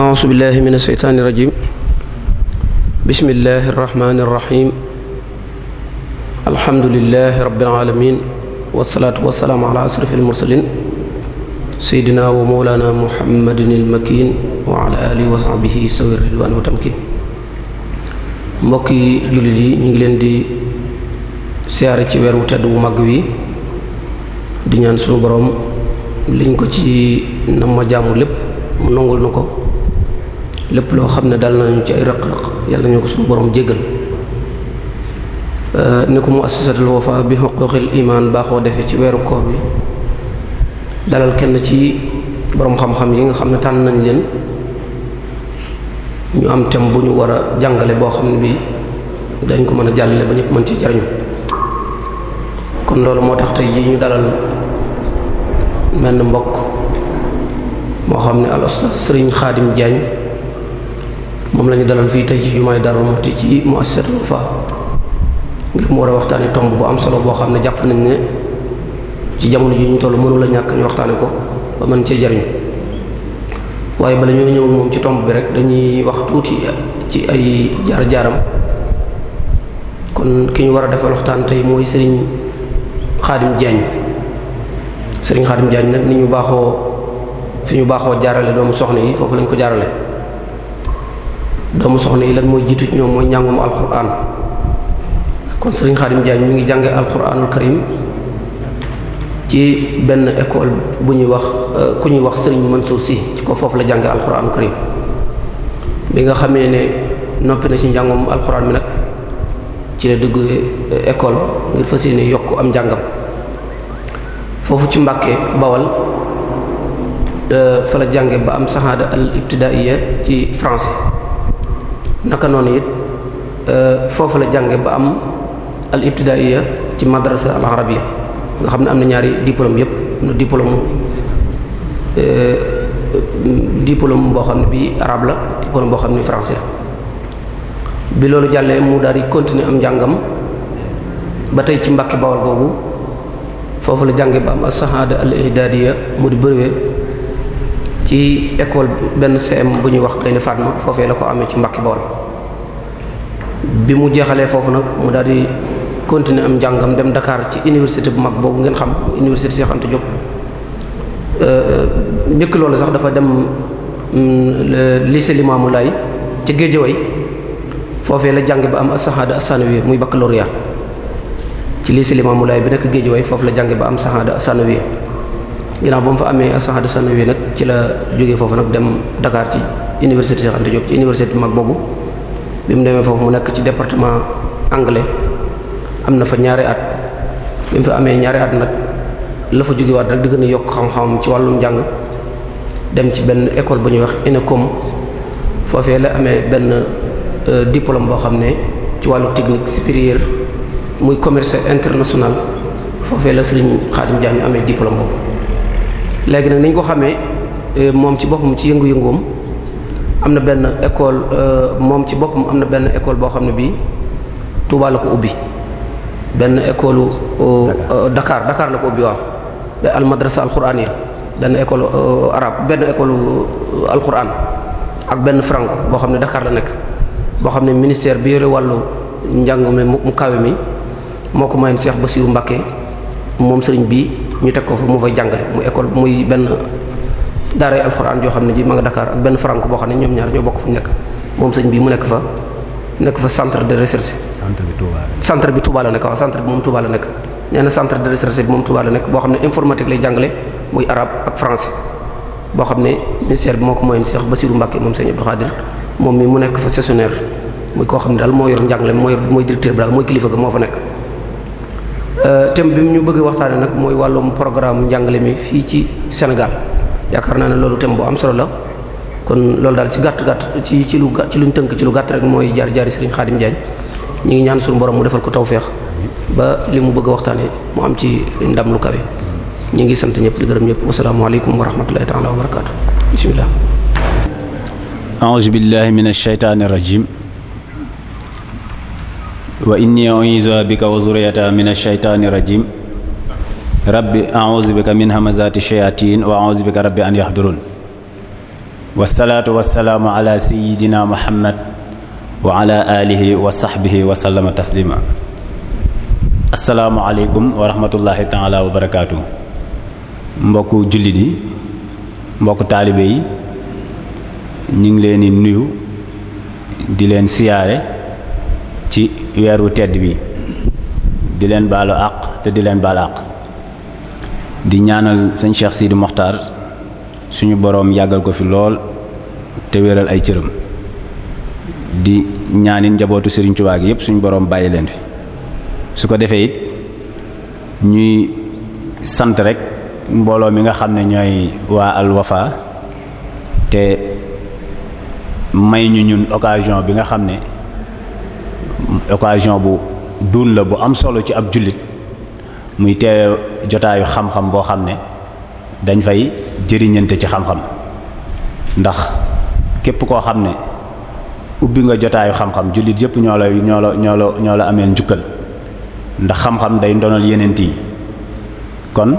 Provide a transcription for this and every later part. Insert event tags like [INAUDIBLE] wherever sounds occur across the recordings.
أعوذ بالله من الشيطان الرجيم بسم الله الرحمن الرحيم الحمد لله رب العالمين والصلاة والسلام على أشرف المرسلين seydinaa wa mawlaana muhammadin almakin wa ala alihi wa sahbihi sawi ridwaan wa tamkin mbokki jullit yi ñu ngi leen di siyaare ci weer wu tedd wu mag wi di ñaan sunu boroom liñ ko ci nam ma lépp mu nongul na ko lépp loo xam ne dal nañu ci ay rëq-rëq yàlla ñu ko suñu boroom jéggal ni ko mu assasatul wafa bi xuquqil iman baaxoo defee ci weeru koor bi dalal kenn ci boroom xam-xam yi nga xam ne tànn nañ leen ñu am thème bu ñu war a jàngale boo xam ne bi dañ ko mën a jàllale ba ñépp mën ci jariñu kon loolu moo tax tey yi ñu dalal menn mbokk moo xam ne al ustaz Serigne Khadim Diagne moom lañu dalal fii tey ci jumaay Darou Moukhty ci muassasatul Wafa ngir mu war a waxtaani tomb bu am solo boo xam ne jàpp nañ ne ci jamono ji ñu toll mënu la ñàkk ñu waxtaane ko ba mën cee jariñu waaye bala ñoo ñëw moom ci tomb bi rek dañuy wax tuuti ci ay jaar-jaaram kon ki ñu war a defal waxtaan tey mooy sëriñ xaadim Diagne sëriñ xaadim Diagne nag ni ñu baaxoo fi ñu baaxoo jaarale doomu soxna yi foofu lañ ko jaarale doomu soxna yi lan mooy jiitu ci ñoom mooy njàngum alquran kon sëriñ xaadim jaañ mu ngi jànge alquranul karim ci benn école bu ñuy wax euh, ku ñuy wax Serigne Mansour si ci ko foofu la jànge alxuraanu karim bi nga xamee ne noppi na ci njàngoom alxuraan bi nag ci la dugg euh, école ngir fas yéene yokk am njàngam foofu ci Mbàkke Bawal euh, fa la jànge ba am saxaada al ibtidaaiya ci français naka noonu it foofu la jànge ba am al ibtidaaiya ci madrasa al yi nga xam ne am na ñaari diplôme yëpp diplôme euh, diplôme boo xam ne bi arabe la diplôme boo xam ne français bi loolu jàllee mu daal di continuer am njàngam ba tey ci Mbàkke Bawol boobu foofu la jànge ba am as-shahada al-ihdadiya mu di brevet ci école benn CM bu ñuy wax Gaynde Fatma foofee la ko amee ci Mbàkke Bawol bi mu jeexalee foofu nag mu daal continuer am njàngam dem dakaar ci université bu mag boobu ngeen xam université Cheikh Anta Diop euh, njëkk loolu sax dafa dem mm, lycée Limamou Laye ci Guédiawaye foofee la jànge ba am as-shahada as-sanawiyya muy baccalauréat ci lycée Limamou Laye bi nekk Guédiawaye foofu la jànge ba am shahada as-sanawiyya ginnaaw ba mu fa amee as-shahada as nag ci la jóge foofu nag dem Dakar ci université Cheikh Anta ci université bu mag boobu bi mu demee nekk ci département anglais am na fa ñaari at bi mu fa amee ñaari at nag la fa jógewaat rek di gën a yokk xam-xamam ci wàllum njàng dem ci benn école bu ñuy wax INECOM foofee la amee benn euh, diplôme boo xam ne ci wàllu technique supérieure muy commerce international foofee la Serigne Khadim Diagne amee diplôme boobu léegi nag niñ ko xamee euh, moom ci boppam ci yëngu-yëngoom am na benn école euh, moom ci boppam am na benn école boo xam ne bii Touba la ubbi benn école euh, euh, Dakar dakaar la ko ubbi waaw al madrasa al qur'aniya benn école euh, arabe benn école al qur'an ak benn franco boo xam ne Dakar la nekk boo xam ne ministère bi yore wàllu njàngum ne mu kawe mi moo ko mayoon Cheikh Bassirou Mbacké moom sëriñ bii ñu teg ko fa mu fay jàngale mu école muy benn daaray al joo xam ne ji ma nga Dakar ak benn franco boo xam ne ñoom ñaar ñoo bokk fu nekk moom sëriñ bii mu nekk fa nekk fa centre de recherche. centre bi Touba la. centre bi Touba la nekk waaw centre bi moom Touba la nekk nee centre de recherche bi moom Touba la nekk boo xam ne informatique lay jàngale muy arabe ak français boo xam ne ministère bi moo ko mooyoon Cheikh Bassirou Mbacké moom Serigne Abdou Khadir moom mi mu nekk fa sessionnaire muy koo xam ne daal moo yor njàngale mooy mooy directeur bi daal mooy kilifa ga moo fa nekk. Euh, thème bi ñu bëggee waxtaane nag mooy wàllum programme njàngale mi fii ci Sénégal yaakaar naa ne loolu thème bu am solo la. kon loolu daal ci gàtt gàtt ci ci lu ci luñ tënk ci lu gàtt rek mooy jaar jaari Serigne Khadim Diagne ñu ngi ñaan suñu borom mu defal ko tawféex ba li mu bëgg a waxtaanee mu am ci ndam lu kawe ñu ngi sant ñëpp di gërëm ñëpp wasalaamualeykum wa rahmatullahi taala wa barakaatu bisimilah. aouzu billahi min ashaytaani rajim wa inni uiizuha bika wa zurriyataha min ashaytaani rajim rabbi bika min hamazaati shayatin wa aouzu bika rabbi an yahdurun wasalaatu wasalaamu ala sayidina muhammad wa ala alihi wa sahbihi wa sallama taslima asalaamualeykum wa rahmatullahi taala wa barakaatu mbokku jullit yi mbokku taalibe yi ñu ngi leen di nuyu di leen siyaare ci weeru tedd bi di leen baalu àq te di leen baalu àq di ñaanal sëñ Cheikh Sidi Mokhtar suñu boroom yàggal ko fi lool te wéral ay cëram di ñaanin njabootu Sëriñ Tuubaa gi yépp suñu boroom bàyyi leen fi su ko defee it ñuy sant rek mbooloo mi nga xam ne ñooy waa Al Wafa te may ñu ñun occasion bi nga xam ne occasion bu duun la bu am solo ci ab jullit muy teewe jotaayu xam-xam boo xam ne dañ fay jëriñante ci xam-xam ndax képp koo xam ne ubbi nga jotaayu xam-xam jullit yépp ñoo la ñoo la ñoo la ñoo la ameel ndax xam-xam day ndonal yeneen yi kon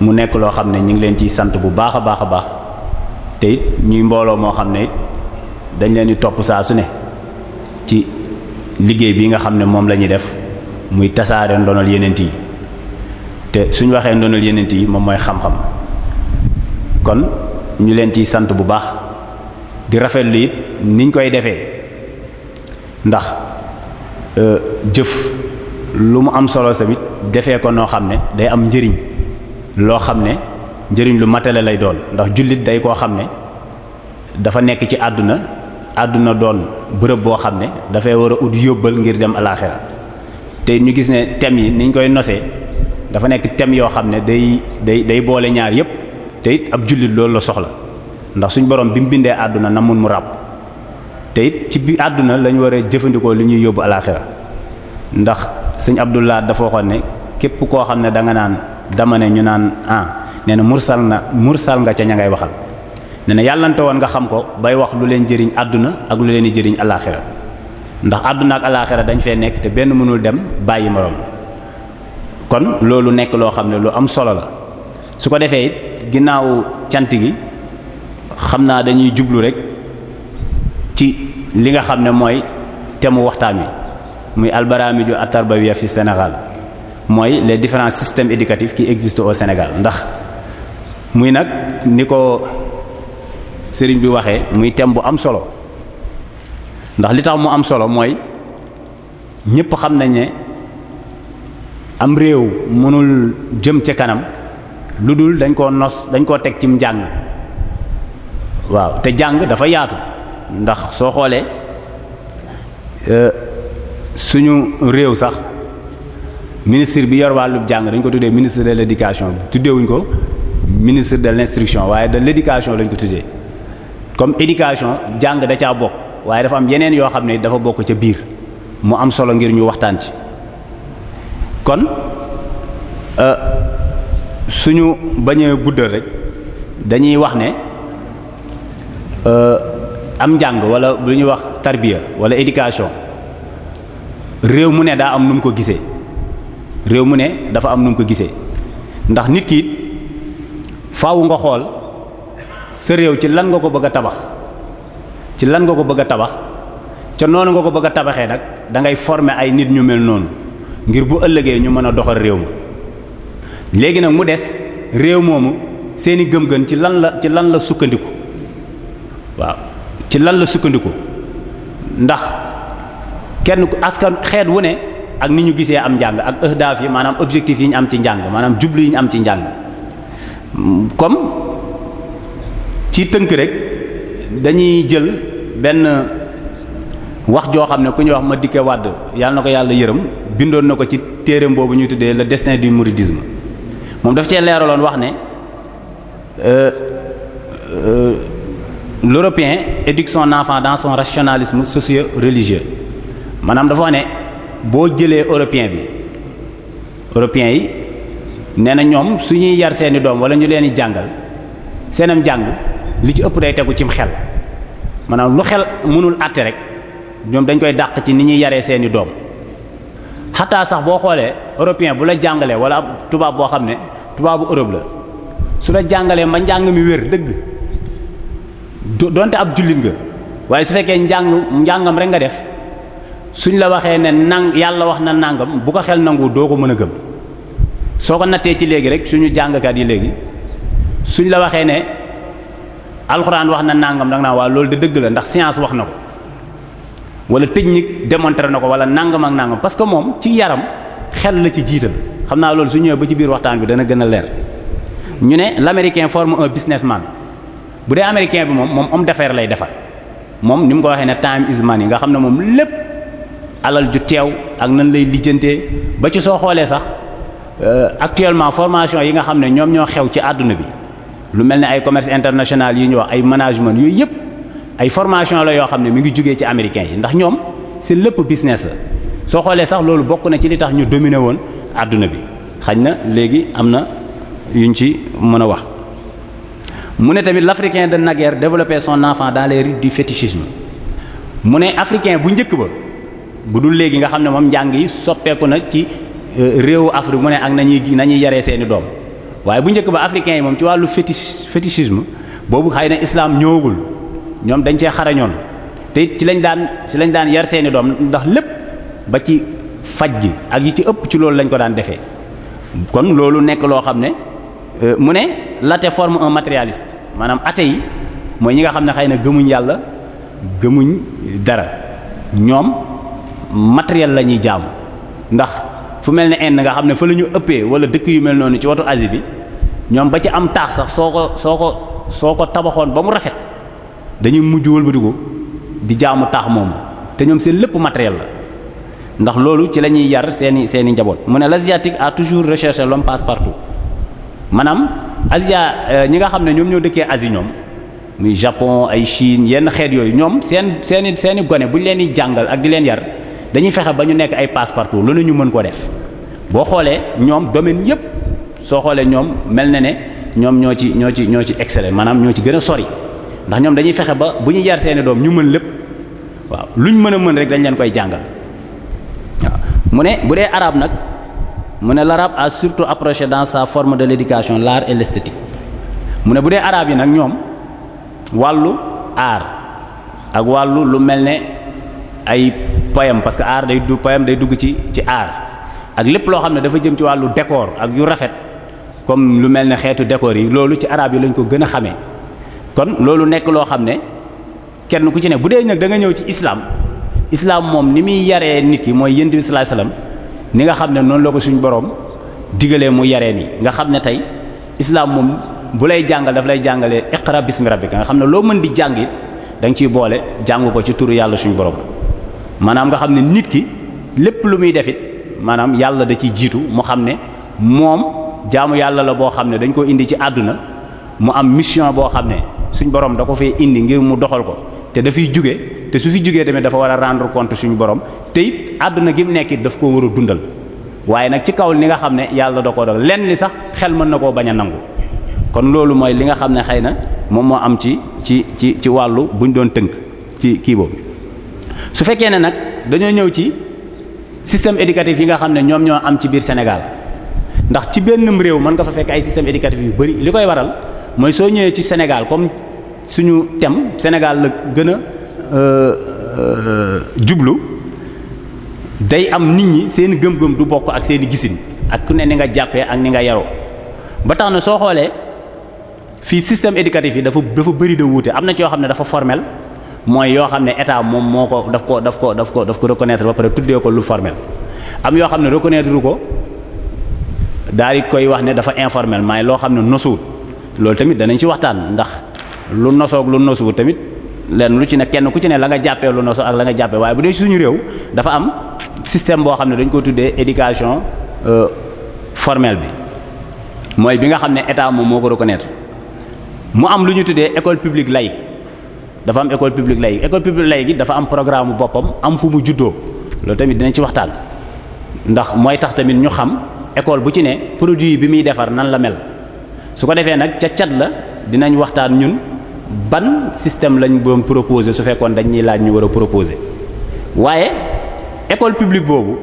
mu nekk loo xam ne ñu ngi leen ci sant bu baax a baax a baax te it ñuy mbooloo moo xam ne it dañ leen di topp saa su ne ci liggéey bii nga xam ne moom lañuy def muy tasaare ndonal yeneen yi te suñ waxee ndonal yeneen yi moom mooy xam-xam kon ñu leen ciy sant bu baax di rafetlu it niñ koy defee ndax euh, jëf lu mu am solo tamit defee ko noo xam ne day am njëriñ loo xam ne njëriñ lu matale lay doon ndax jullit day koo xam ne dafa nekk ci àdduna àdduna doon bërëb boo xam ne dafay war a ut yóbbal ngir dem alaaxira te ñu gis ne thème yi niñ koy nosee dafa nekk thème yoo xam ne day day day boole ñaar yépp te ab jullit loolu la soxla ndax suñ borom bi mu bindee àdduna na mun mu ràbb te ci bi àdduna lañ war a jëfandikoo li ñuy yóbbu alaaxira ndax sëñ Abdullah dafa waxoon ne képp koo xam ne da nga naan dama ne ñu naan ah nee na mursal na mursal nga ca ña ngay waxal nee na yàllante woon nga xam ko bay wax lu leen jëriñ àdduna ak lu leen di jëriñ alaaxira ndax àdduna ak alaaxira dañ fee nekk te benn mënul dem bàyyi moroom kon loolu nekk loo xam ne lu am solo la ginnaaw cant gi xam naa dañuy jublu rek ci li nga xam ne mooy thème waxtaan wi muy albaramiju at-tarbawiya fi Sénégal mooy les différents système éducatifs qui existent au Sénégal ndax muy nag ni ko sëriñ bi waxee muy thème bu am solo ndax li tax mu am solo mooy ñépp xam nañ ne am réew mënul jëm ca kanam lu dul dañ koo nos dañ koo teg mu njàng waaw te jàng dafa yaatu ndax soo xoolee euh, suñu réew sax ministre bi yor wàllub jàng dañ ko tuddee ministre de l'éducation tuddeewuñ ko ministre de l'instruction waaye de l'éducation lañ ko tuddee comme éducation jàng da caa bokk waaye dafa am yeneen yoo xam ne dafa bokk ca biir mu am solo ngir ñu waxtaan ci kon. Euh, suñu bañee guddal rek dañuy wax ne euh, am njàng walla lu ñuy wax tarbiya wala éducation réew mu ne daa am nu ko gisee réew mu ne dafa am nu ko gisee ndax nit ki faawu nga xool sa réew ci lan nga ko bëgg tabax ci lan nga ko bëgg a tabax ca noonu nga ko bëgg tabaxee nag dangay ngay ay nit ñu mel noonu ngir bu ëllëgee ñu mën a doxal réew mi léegi nag mu des réew moomu seeni gëm gën ci lan la ci lan la sukkandiku waaw ci lan la sukkandiku ndax kenn ku askan xeet wu ne ak ni ñu gisee am njàng ak ëhdaaf yi maanaam objectif yi ñu am ci njàng maanaam jublu yi ñu am ci njàng comme ci tënk rek dañuy jël benn wax joo xam ne ku ñuy wax ma dikke wàdd yàlla na ko yàlla yërëm bindoon na ko ci téeree mboobu ñuy tuddee le destin du mouridisme moom dafa cee leeraloon wax ne euh, euh, l'européen éduque son enfant dans son rationalisme socio-religieux maanaam dafa wax ne boo jëlee européen bi européen yi nee na ñoom su ñuy yar seeni doom walla ñu leen di jàngal seenam jàng li ci ëpp day tegu cim xel maanaam lu xel mënul àtte rek ñoom dañ koy dàq ci ni ñuy yaree seeni doom xataa sax boo xoolee européen bu la jàngalee wala tubaab boo xam ne tubaabu Europe la su la jàngalee ma njàng mi wér dëgg donte ab jullit nga waaye su fekkee njàng njàngam rek nga def suñ la waxee ne nang yàlla wax na nangam bu ko xel nangu doo ko mën a gëm soo ko nattee ci léegi rek suñu jàngkat yi léegi suñ la waxee ne alxuraan wax na nangam da nga naa waa loolu de dëgg la ndax science wax na ko wala technique démontré na ko wala nangam ak nangam parce que moom ci yaram xel la ci jiital. xam naa loolu su ñëwee ba ci biir waxtaan bi dana gën a leer ñu ne l'américain forme un businessman bu dee américain bi moom moom homme d'affaires lay defar moom ni mu ko waxee ne time is money yi nga xam ne moom lépp alal ju teew ak nan lay lijjantee ba ci soo xoolee sax euh, actuellement formation yi nga xam ne ñoom ñoo xew ci àdduna bi lu mel ne ay commerce international yi ñu wax ay management yooyu yëpp ay formation la yoo xam ne mi ngi jugee ci américains yi ndax ñoom seen lépp business la soo xoolee sax loolu bokk na ci li tax ñu dominé woon àdduna bi xañ na léegi am na yuñ ci mën a wax mu ne tamit l'africain de naguère développait son enfant dans les rites du fétichisme mu ne africain bu njëkk ba bu dul léegi nga xam ne moom njàng yi soppeeku na ci euh, réewu Afrique mu ne ak nañuy nañuy yaree seeni doom waaye bu njëkk ba africain yi moom ci wàllu fétiche fétichisme boobu xëy na islam ñëwagul ñoom dañ cee xarañoon te ci lañ daan ci lañ daan yar seeni doom ndax lépp ba ci faj gi ak yi ci ëpp ci loolu lañ ko daan defee kon loolu nekk loo xam ne euh, mu ne l'athée forme un matérialiste maanaam athée yi mooy ñi nga xam ne xay na gëmuñ yàlla gëmuñ dara ñoom matériel la ñuy jaamu ndax fu mel ne Inde nga xam ne fa la ñu ëppee wala dëkk yu mel noonu ci watu Asie bi ñoom ba ci am taax sax soo ko soo ko soo ko tabaxoon ba mu rafet dañuy mujj ko di jaamu taax moomu te ñoom seen lépp matériel la. ndax loolu ci la ñuy yar seeni seeni njaboot mu ne l'asiatique à toujours recherché l'homme passe partout maanaam Asia euh, ñi nga xam ne ñoom ñoo dëkkee Asie ñoom muy Japon ay Chine yenn xeet yooyu ñoom seen seeni seeni gone bu ñu leen di jàngal ak di leen yar dañuy fexe ba ñu nekk ay passe partout lu ne ñu mën koo def boo xoolee ñoom domaine yépp soo xoolee ñoom mel na ne ñoom ñoo ci ñoo ci ñoo ci excellent maanaam ñoo ci gën a sori ndax ñoom dañuy fexe ba bu ñuy yar seeni doom ñu mën lépp waaw luñ mën a mën rek dañ leen koy jàngal. mu ne bu dee arabe nag mu ne l'arabe a surtout approché dans sa forme de l'éducation l'art et l'esthétique mu ne bu dee araab yi nag ñoom wàllu aar ak wàllu lu mel ne ay poème parce que art day du poème day dugg ci ci art ak lépp loo xam ne dafa jëm ci wàllu décor ak yu rafet comme lu mel ne xeetu décor yi loolu ci arabe yi lañ ko gën a xamee kon loolu nekk loo xam ne kenn ku ci ne bu dee nag da nga ñëw ci islaam islam moom ni muy yaree nit yi mooy yënt di sallallahu alayhi wasallam ni nga xam ne noonu la ko suñu borom digalee mu yaree nii nga xam ne tey islaam moom bu lay jàngal daf lay jàngalee iqra bismi rabbika nga xam ne loo mën di jàng it da ciy boole jàng ko ci turu yàlla suñu borom maanaam nga xam ne nit ki lépp lu muy def it maanaam yàlla da ciy jiitu mu xam ne moom jaamu yàlla la boo xam ne dañ koo indi ci àdduna mu am mission boo xam ne suñu borom da ko fee indi ngir mu doxal ko te su fi jógee tamit dafa war a rendre compte suñu borom tey àdduna gi mu nekk daf koo war a dundal waaye nag ci kaw li nga xam ne yàlla da koo dogal lenn li sax xel mën na koo bañ a nangu kon loolu mooy li nga xam ne xëy na moom moo am ci ci ci ci wàllu buñ doon tënk ci kii boobu su fekkee ne nag dañoo ñëw ci système éducatif yi nga xam ne ñoom ñoo am ci biir Sénégal ndax ci benn réew mën nga fa fekk ay système éducatif yu bari li koy waral mooy soo ñëwee ci Sénégal comme suñu thème Sénégal la Euh, euh, jublu day am nit ñi seen gëm-gëm du bokk ak seen i gisin ak ku ne ni nga jàppee ak ni nga yaroo ba tax na soo xoolee fii système éducatif yi dafa dafa bëri de wuute am na ci yoo xam ne dafa formel mooy yoo xam ne état moom moo ko daf ko daf ko daf ko daf ko reconnaître ba pare tuddee ko lu formel am yoo xam ne reconnaître ko daal di koy wax ne dafa informel maay loo xam ne nosuwul loolu tamit danañ ci waxtaan ndax lu nosoog lu nosuwul tamit. lenn lu ci ne kenn ku ci ne la nga jàppee lu noosu ak la nga waaye bu dee suñu réew dafa am système boo xam ne dañ ko tuddee éducation euh, formel bi mooy bi nga xam ne état moom moo ko reconnaître mu am lu ñu tuddee école publique laïque dafa am école publique laïque école publique laïque yi dafa am programme boppam am fu mu juddoo loolu tamit dinañ ci waxtaan ndax mooy tax tamit ñu xam école bu ci ne produit bi muy defar nan la mel su ko defee nag ca cat la dinañ waxtaan ñun. ban système lañ doon proposé su fekkoon dañ ñuy laaj ñu war a proposé waaye école publique boobu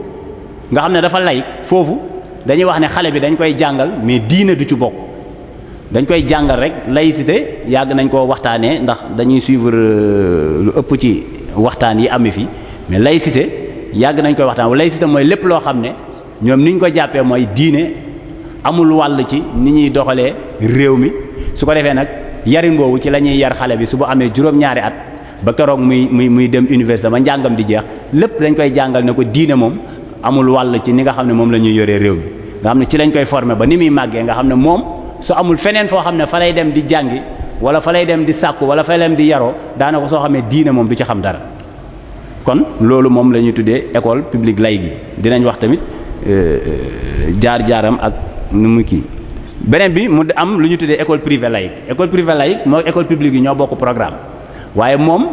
nga xam ne dafa lay foofu dañuy wax ne xale bi dañ koy jàngal mais diine du ci bokk dañ koy jàngal rek laïcité yàgg nañ koo waxtaanee ndax dañuy suivre euh, lu ëpp ci waxtaan yi amee fi mais laïcité yàgg nañ koy waxtaan laïcité mooy lépp loo xam ne ñoom ni ñu ko jàppee mooy diine amul wàll ci ni ñuy doxalee réew mi su ko defee nag. yarin woowu ci la ñuy yar xale bi su bu amee juróom-ñaari at ba keroog muy muy muy dem université ba njàngam di jeex lépp lañ koy jàngal ne ko diine moom amul wàll ci ni nga xam ne moom la ñuy yoree réew mi nga xam ne ci lañ koy former ba ni muy màggee nga xam ne moom su amul feneen foo xam ne fa lay dem di jàngi wala fa lay dem di sàkku wala fa lay dem di yaroo daanaka soo xamee diine moom du ci xam dara kon loolu moom la ñuy tuddee école publique laïque gi dinañ wax tamit euh, jaar jaaram ak nu mu kii beneen bi mu am lu ñu tuddee école privée laïque école privée laïque mooy école publique ñoo bokk programme waaye moom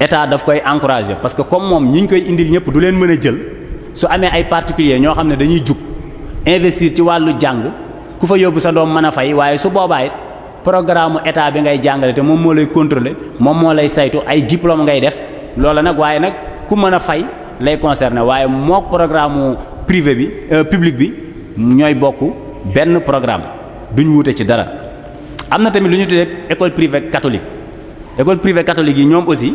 état daf koy encourager parce que comme moom ñi ñu koy indi ñëpp du leen mën a jël su amee ay particulier ñoo xam ne dañuy jug investir ci wàllu jàng ku fa yóbbu sa doom mën a fay waaye su boobaa programme état bi ngay jàngale te moom moo lay contrôler moom moo lay saytu ay diplôme ngay def loola nag waaye nag ku mën a fay lay concerner waaye mook programme privé bi euh, public bi ñooy bokk. benn programme duñ wuute ci dara am na tamit lu ñu tuddee école privée catholique école privée catholique yi ñoom aussi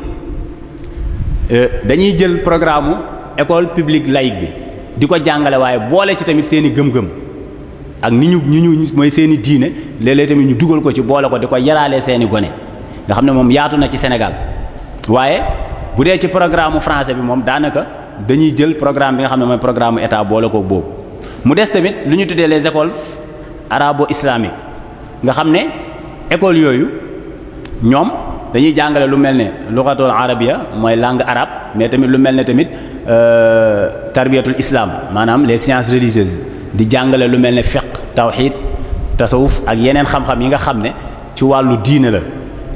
euh, dañuy jël programme école publique laïque bi di ko jàngale waaye boole ci tamit seen i gëm-gëm ak ni ñu ni ñu mooy seeni diine léeg tamit ñu dugal ko ci boole ko di ko yaraalee seeni gone nga xam ne moom yaatu na ci Sénégal waaye bu dee ci programme français bi moom daanaka dañuy jël programme bi nga xam ne mooy programme état boole ko boobu. mu des tamit lu ñu tuddee les écoles arabo-islamiques nga xam ne écoles yooyu ñoom dañuy jàngale lu mel ne lughatul arabia mooy langue arabe mais tamit lu mel ne tamit euh, tarbiyatul islam maanaam les sciences religieuses di jàngale lu mel ne fiqh tawhid tasawuf ak yeneen xam-xam yi nga xam ne ci wàllu diine la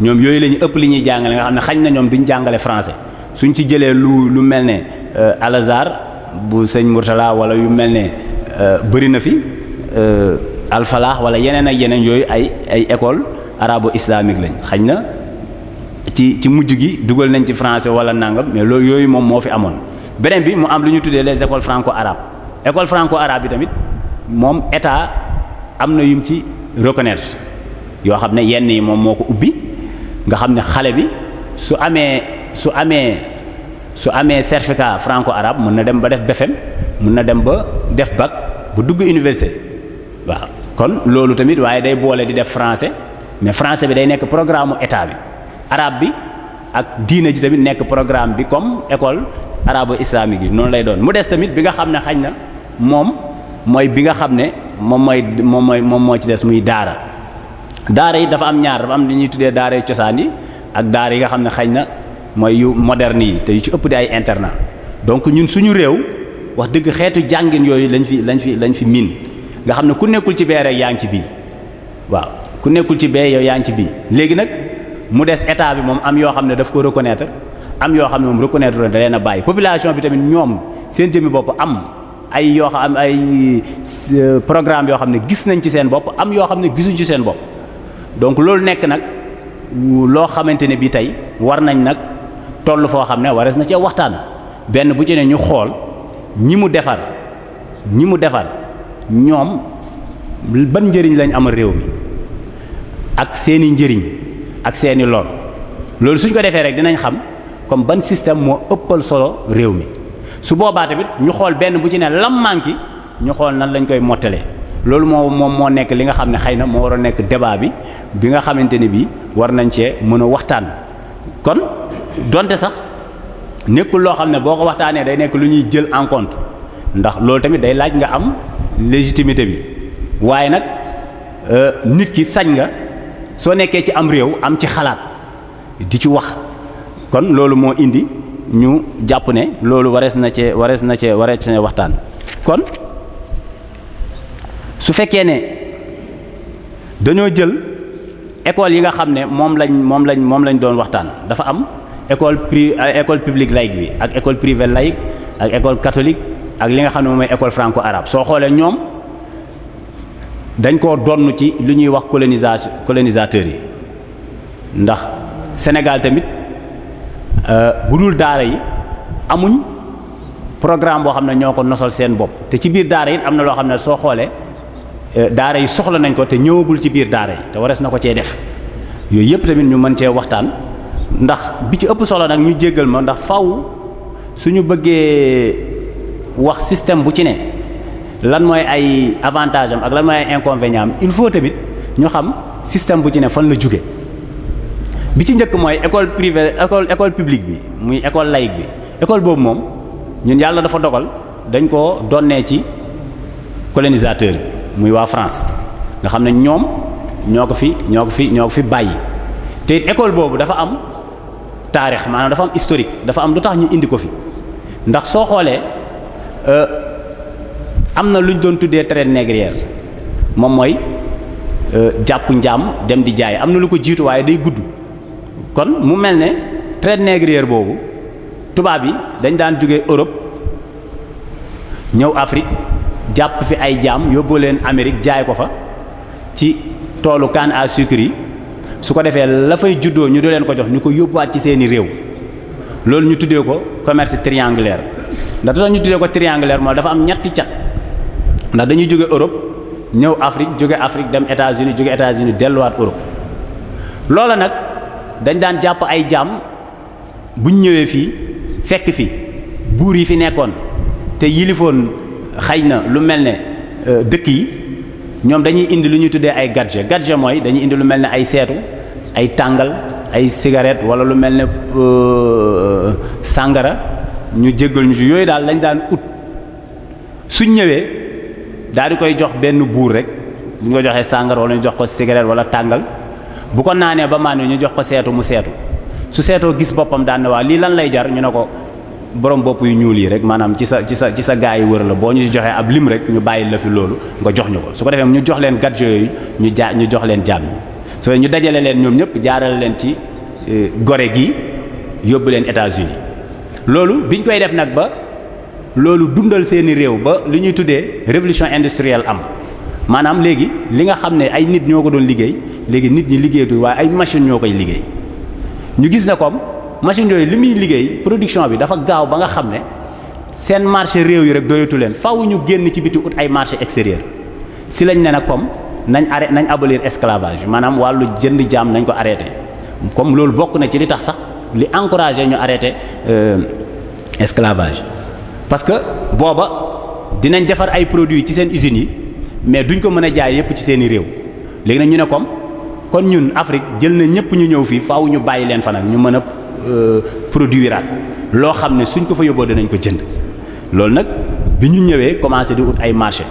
ñoom yooyu la ñu ëpp li ñuy jàngale nga xam ne xañ na ñoom duñ jàngale français suñ ci jëlee lu lu mel ne euh, Al bu sëñ Murtala wala yu mel ne Euh, bëri na fi euh, alfalaax wala yeneen ak yeneen yooyu ay ay école arabo islamique lañ xañ na ci ci mujj gi dugal nañ ci français wala nangam mais loolu yooyu moom moo fi amoon beneen bi mu am lu ñu tuddee les écoles franco arabes école franco arabe yi tamit moom état am na yum ci reconnaître yoo xam ne yenn yi moom moo ko ubbi nga xam ne xale bi su amee su amee su amee certificat franco arabe mën na dem ba def BFEM mën na dem ba def bac bu dugg université waaw kon loolu tamit waaye day boole di def français mais français bi day nekk programme mu état bi arabe bi ak diina ji tamit nekk programme bi comme école arabo islamique yi noonu lay doon mu des tamit bi nga xam ne xañ na moom mooy bi nga xam ne moom mooy moom mooy moom moo ci des muy daara daara yi dafa am ñaar dafa am li ñuy tuddee daara yu cosaan yi ak daara yi nga xam ne xañ na mooy yu moderne yi te yu ci ëpp di ay internat donc ñun suñu réew. wax dëgg xeetu jàngin yooyu lañ fi lañ fi lañ fi miin nga xam ne ku nekkul ci bee rek yaa ngi bii waaw ku nekkul ci bee yow yaa ngi bii léegi nag mu des état bi moom am yoo xam ne daf ko reconnaître am yoo xam ne moom reconnaître da leen a bàyyi population bi tamit ñoom seen jëmmi bopp am ay yoo xam ay euh, programme yoo xam ne gis nañ ci seen bopp am yoo xam ne gisuñ ci seen bopp donc loolu nekk nag loo xamante ne bii tey war nañ nag toll foo xam ne warees na cee waxtaan benn bu ci ne ñu xool. ñi mu defar ñi mu defar ñoom ban njëriñ lañ amal réew mi ak seeni njëriñ ak seeni lor loolu suñ ko defee rek dinañ xam comme ban système moo ëppal solo réew mi su boobaate bi ñu xool benn bu ci ne lam manqué ñu xool nan lañ koy mottalee loolu moo moom moo nekk li nga xam ne xëy na moo war a nekk débat bi bi nga xamante ni bii war nañ cee mën a waxtaan kon donte sax. nekkul loo xam ne boo ko waxtaanee day nekk lu ñuy jël en ndax loolu tamit day laaj nga am légitimité bi waaye nag euh, nit ki sañ nga soo nekkee ci am réew am ci xalaat di ci wax kon loolu moo indi ñu jàpp ne loolu warees na cee warees na cee warees waxtaan kon su fekkee ne dañoo jël école yi nga xam ne moom lañ moom lañ moom lañ doon waxtaan dafa am école pri euh, école publique laïque bi ak école privée laïque ak école catholique ak li nga xam ne moom mooy école franco arabe soo xoolee ñoom dañ ko donn ci lu ñuy wax colonisation colonisateur yi ndax Sénégal tamit euh, bu dul daara yi amuñ programme boo xam ne ñoo ko nosal seen bopp te ci biir daara yi am na loo xam ne soo xoolee euh, daara yi soxla nañ ko te ñëwagul ci biir daara yi te warees na ko cee def yooyu yëpp tamit ñu mën cee waxtaan. ndax bi ci ëpp solo nag ñu jéggal ma ndax faw suñu bëggee wax système bu ci ne lan mooy ay avantage am ak lan mooy ay inconvénient am il faut tamit ñu xam système bu ci ne fan la jóge bi ci njëkk mooy école privée école école publique bi muy école laïque bi école boobu moom ñun yàlla dafa dogal dañ koo donnee ci colonisateur bi muy waa France nga xam ne ñoom ñoo ko fi ñoo ko fi ñoo ko fi bàyyi te école boobu dafa am taarix maanaam dafa am historique dafa am lu tax ñu indi ko fi ndax soo xoolee euh, am na lu ñu doon tuddee traite négrière moom mooy euh, jàpp njaam dem di jaay am na lu ko jiitu waaye day gudd kon mu mel ne traite négrière boobu tubaab yi dañ daan jóge Europe ñëw Afrique jàpp fi ay jaam yóbbu leen Amérique jaay ko fa ci toolu canne à sucre yi su ko defee la fay juddoo ñu di leen ko jox ñu ko yóbbuwaat ci seeni réew loolu ñu tuddee ko commerce triangulaire ndax tax ñu tuddee ko triangulaire mooy dafa am ñetti cat ndax dañuy jóge Europe ñëw Afrique jóge Afrique dem États-Unis jóge États-Unis delluwaat Europe loola nag dañ daan jàpp ay jaam buñ ñëwee fii fekk fi buur yi fi nekkoon te yilifoon xëy na lu mel ne euh, dëkk yi ñoom dañuy indi lu ñuy tuddee ay gadget gadget mooy dañuy indi lu mel ne ay seetu ay tàngal ay cigarette wala lu mel ne euh, sàngara ñu jéggal ñu ci yooyu daal lañ daan ut suñ ñëwee daa di koy jox benn buur rek bu ñu ko joxee sàngara wala ñu jox ko cigarette wala tàngal bu ko naanee ba maan ñu jox ko seetu mu seetu su seetoo gis boppam daan na waa lii lan lay jar ñu ne ko borom bopp yu ñuul yi rek maanaam ci sa ci sa ci sa gaa yi wër la boo ñu joxee ab lim rek ñu bàyyi la fi loolu nga jox ñu ko su ko defee ñu jox leen gadget yooyu ñu jaar ñu jox leen jaam yi so ñu dajale leen ñoom ñëpp jaarale leen ci euh, gore gi yóbbu leen états uni loolu biñ koy def nag ba loolu dundal seeni réew ba li ñuy tuddee révolution industrielle am maanaam léegi li nga xam ne ay nit ñoo ko doon liggéey léegi nit ñi liggéeyatu waaye ay machine ñoo koy liggéey ñu gis na comme machine yooyu li muy liggéey production bi dafa gaaw ba nga xam ne seen marché réew yi rek doyatu leen faaw ñu génn ci biti ut ay marché extérieur si lañ ne nag comme nañ arrêté nañ abolir esclavage maanaam wàllu jënd jaam nañ ko arrêté comme loolu bokk na ci li tax sax li encouragé ñu arrêté euh, esclavage parce que booba dinañ defar ay produits ci seen usines yi mais duñ ko mën a jaay yépp ci seeni réew léegi nañ ñu ne comme kon ñun Afrique jël nañ ñépp ñu ñëw fii faaw bàyyi leen fa ñu mën a produit euh, produiraat loo xam ne suñ ko fa yóbboo dinañ ko jënd loolu nag bi ñu ñëwee commencé di ut ay marché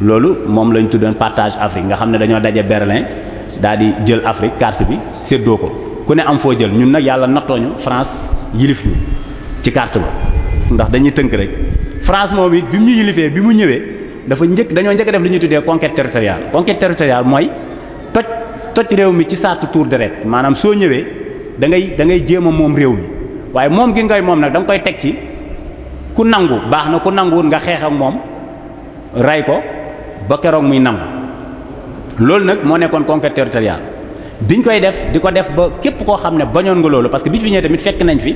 loolu moom lañ tuddoon partage Afrique nga xam ne dañoo daje Berlin dal di jël Afrique carte bi séddoo ko ku ne am foo jël ñun nag yàlla nattooñu France yilif ñu ci kart ba ndax dañuy tënk rek France moom it bi mu ñu yilifee bi mu ñëwee dafa njëkk dañoo njëkk def li ñuy tuddee conquête teritorial conquête territoriale mooy toj toj réew mi ci sartu tour deret da ngay da jéem a moom réew mi waaye moom gi ngay moom nag da koy teg ci ku nangu baax na ku nanguwul nga xeex ak moom rey ko ba keroog muy nangu loolu nag moo nekkoon conquête territoriale biñ koy def di ko def ba képp koo xam ne bañoon nga loolu parce que bi fi ñëwee tamit fekk nañ fi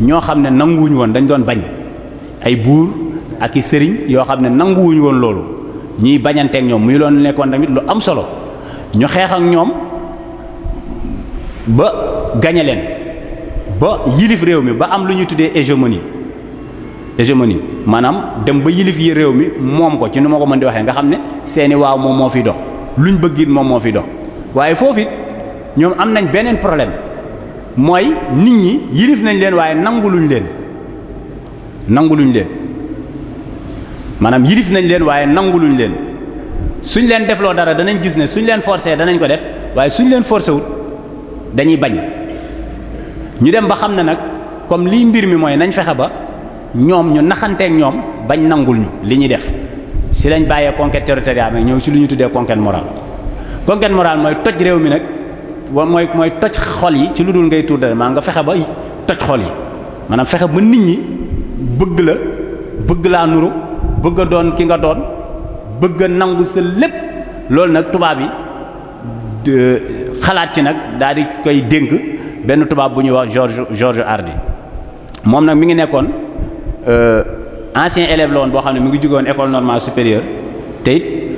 ñoo xam ne nanguwuñu woon dañ doon bañ ay buur ak i sëriñ yoo xam ne nanguwuñu woon loolu ñuy bañanteeg ñoom muy loon nekkoon tamit lu am solo ñu xeex ak ñoom gañe leen ba yilif réew mi ba am lu ñuy tuddee hégémonie hégémonie maanaam dem ba yilif yi réew mi moom ko ci nu ma ko mën di waxee nga xam ne seeni waaw moom moo fiy dox luñ bëgg it moom moo fiy dox waaye foofu ñoom am nañ beneen problème mooy nit ñi yilif nañ leen waaye nanguluñ leen nanguluñ leen maanaam yilif nañ leen waaye nanguluñ leen suñ leen defloo dara danañ gis ne suñ leen forcer danañ ko def waaye suñ leen forcer wut dañuy bañ ñu dem ba xam ne nag comme liy mbir mi mooy nañ fexe ba ñoom ñu naxanteek ñoom bañ nangul ñu li ñuy def si lañ bàyyee conquête territoriale nag ñëw si lu ñu tuddee conquête morale conquête morale mooy toj réew mi nag wa mooy mooy toj xol yi ci lu dul ngay tuur dara maa nga fexe ba toj xol yi maanaam fexe ba nit ñi bëgg la bëgg laa nuru bëgg doon ki nga doon bëgg nangu sa lépp loolu nag tubaab yi xalaat ci nag daal di koy dénk benn tubaab bu ñuy wax George George Hardy moom nag mi ngi nekkoon euh, ancien élève la woon boo xam ne mu ngi jugoon école normale supérieure te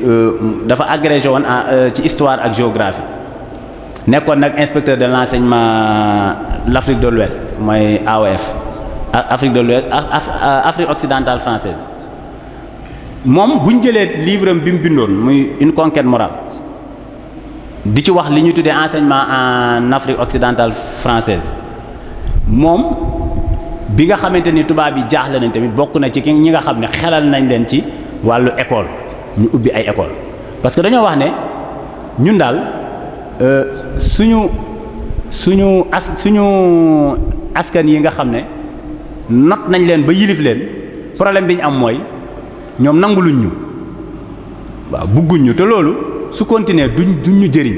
euh, dafa agrégé woon euh, ci histoire ak géographie nekkoon nag inspecteur de l'enseignement l'Afrique de l'Ouest mooy AOF Afrique de l'Ouest Afrique occidentale française moom bu ñu jëlee livre bi mu bindoon muy une conquête morale di ci wax li ñuy tuddee enseignement en Afrique occidentale française moom bi nga xamante ni tubaab yi jaaxle nañ tamit bokk na ci ki ñi nga xam ne xelal nañ leen ci wàllu école ñu ubbi ay école parce que dañoo wax ne ñun daal euh, suñu suñu as suñu askan yi nga xam ne not nañ leen ba yilif leen problème bi ñu am mooy ñoom nanguluñ ñu waaw bugguñ ñu te loolu. su continuer duñ duñ ñu jëriñ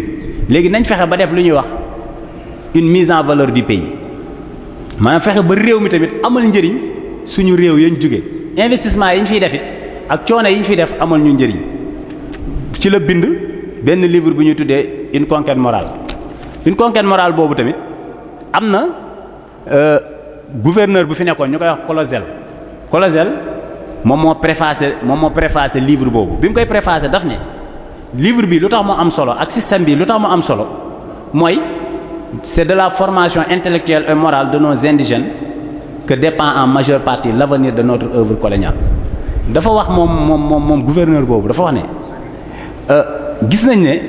léegi nañ fexe ba def lu ñuy wax une mise en valeur du pays maanaam fexe ba réew mi tamit amal njëriñ suñu réew yañ jóge investissement yi ñu fiy def ak coono yi ñu fiy def amal ñu njëriñ ci la bind benn livre bu ñuy tuddee une conquête morale une conquête morale boobu tamit am na euh, gouverneur bu fi nekkoon ñu koy wax Colozel Colozel moom moo préfacé moom moo préfacé livre boobu bi mu koy préfacé daf ne livre bi lu tax mu am solo ak système bi lu tax mu am solo mooy c'est de la formation intellectuelle et morale de nos indigènes que dépend en majeure partie l'avenir de notre œuvre coloniale dafa wax moom moom moom moom gouverneur boobu dafa wax ne euh, gis nañ ne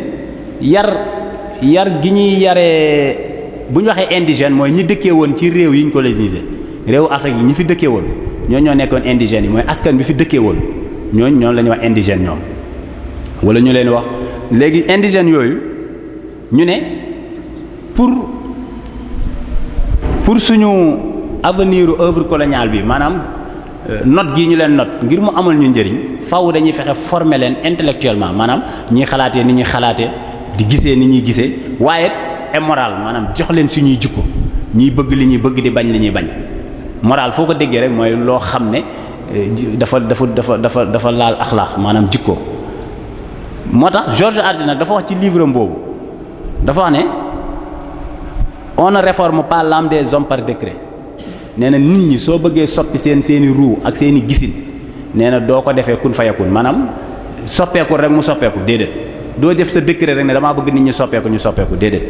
yar yar gi ñuy yaree bu ñu waxee indigène mooy ñi dëkkee woon ci réew yi ñu colonisé réewu Afrique yi ñi fi dëkkee woon ñoo ñoo nekkoon indigènes yi askan bi fi dëkkee woon ñooñu ñoom la ñuy wax indigène ñoom wala ñu leen wax léegi indigènes yooyu ñu ne pour pour suñu avenir œuvre coloniale bi maanaam euh, not gii ñu leen note ngir mu amal ñu njëriñ faaw dañuy fexe former leen intellectuellement maanaam ñuy xalaatee ni ñuy xalaatee di gisee ni ñuy gisee waaye et moral maanaam jox leen suñuy jikko ñuy bëgg li ñuy bëgg di bañ li ñuy bañ moral foo ko déggee rek mooy loo xam ne euh, dafa dafa dafa dafa dafa laal axlaax maanaam jikko moo tax George Hardy nag dafa wax ci livre boobu dafa wax ne on ne réforme pas l'âme des hommes par décret nee na nit ñi soo bëggee soppi seen seeni i ruu ak seen i gisin nee na doo ko defee kun fayakun maanaam soppeeku rek mu soppeeku déedéet doo def sa décret rek ne damaa bëgg nit ñi soppeeku ñu soppeeku déedéet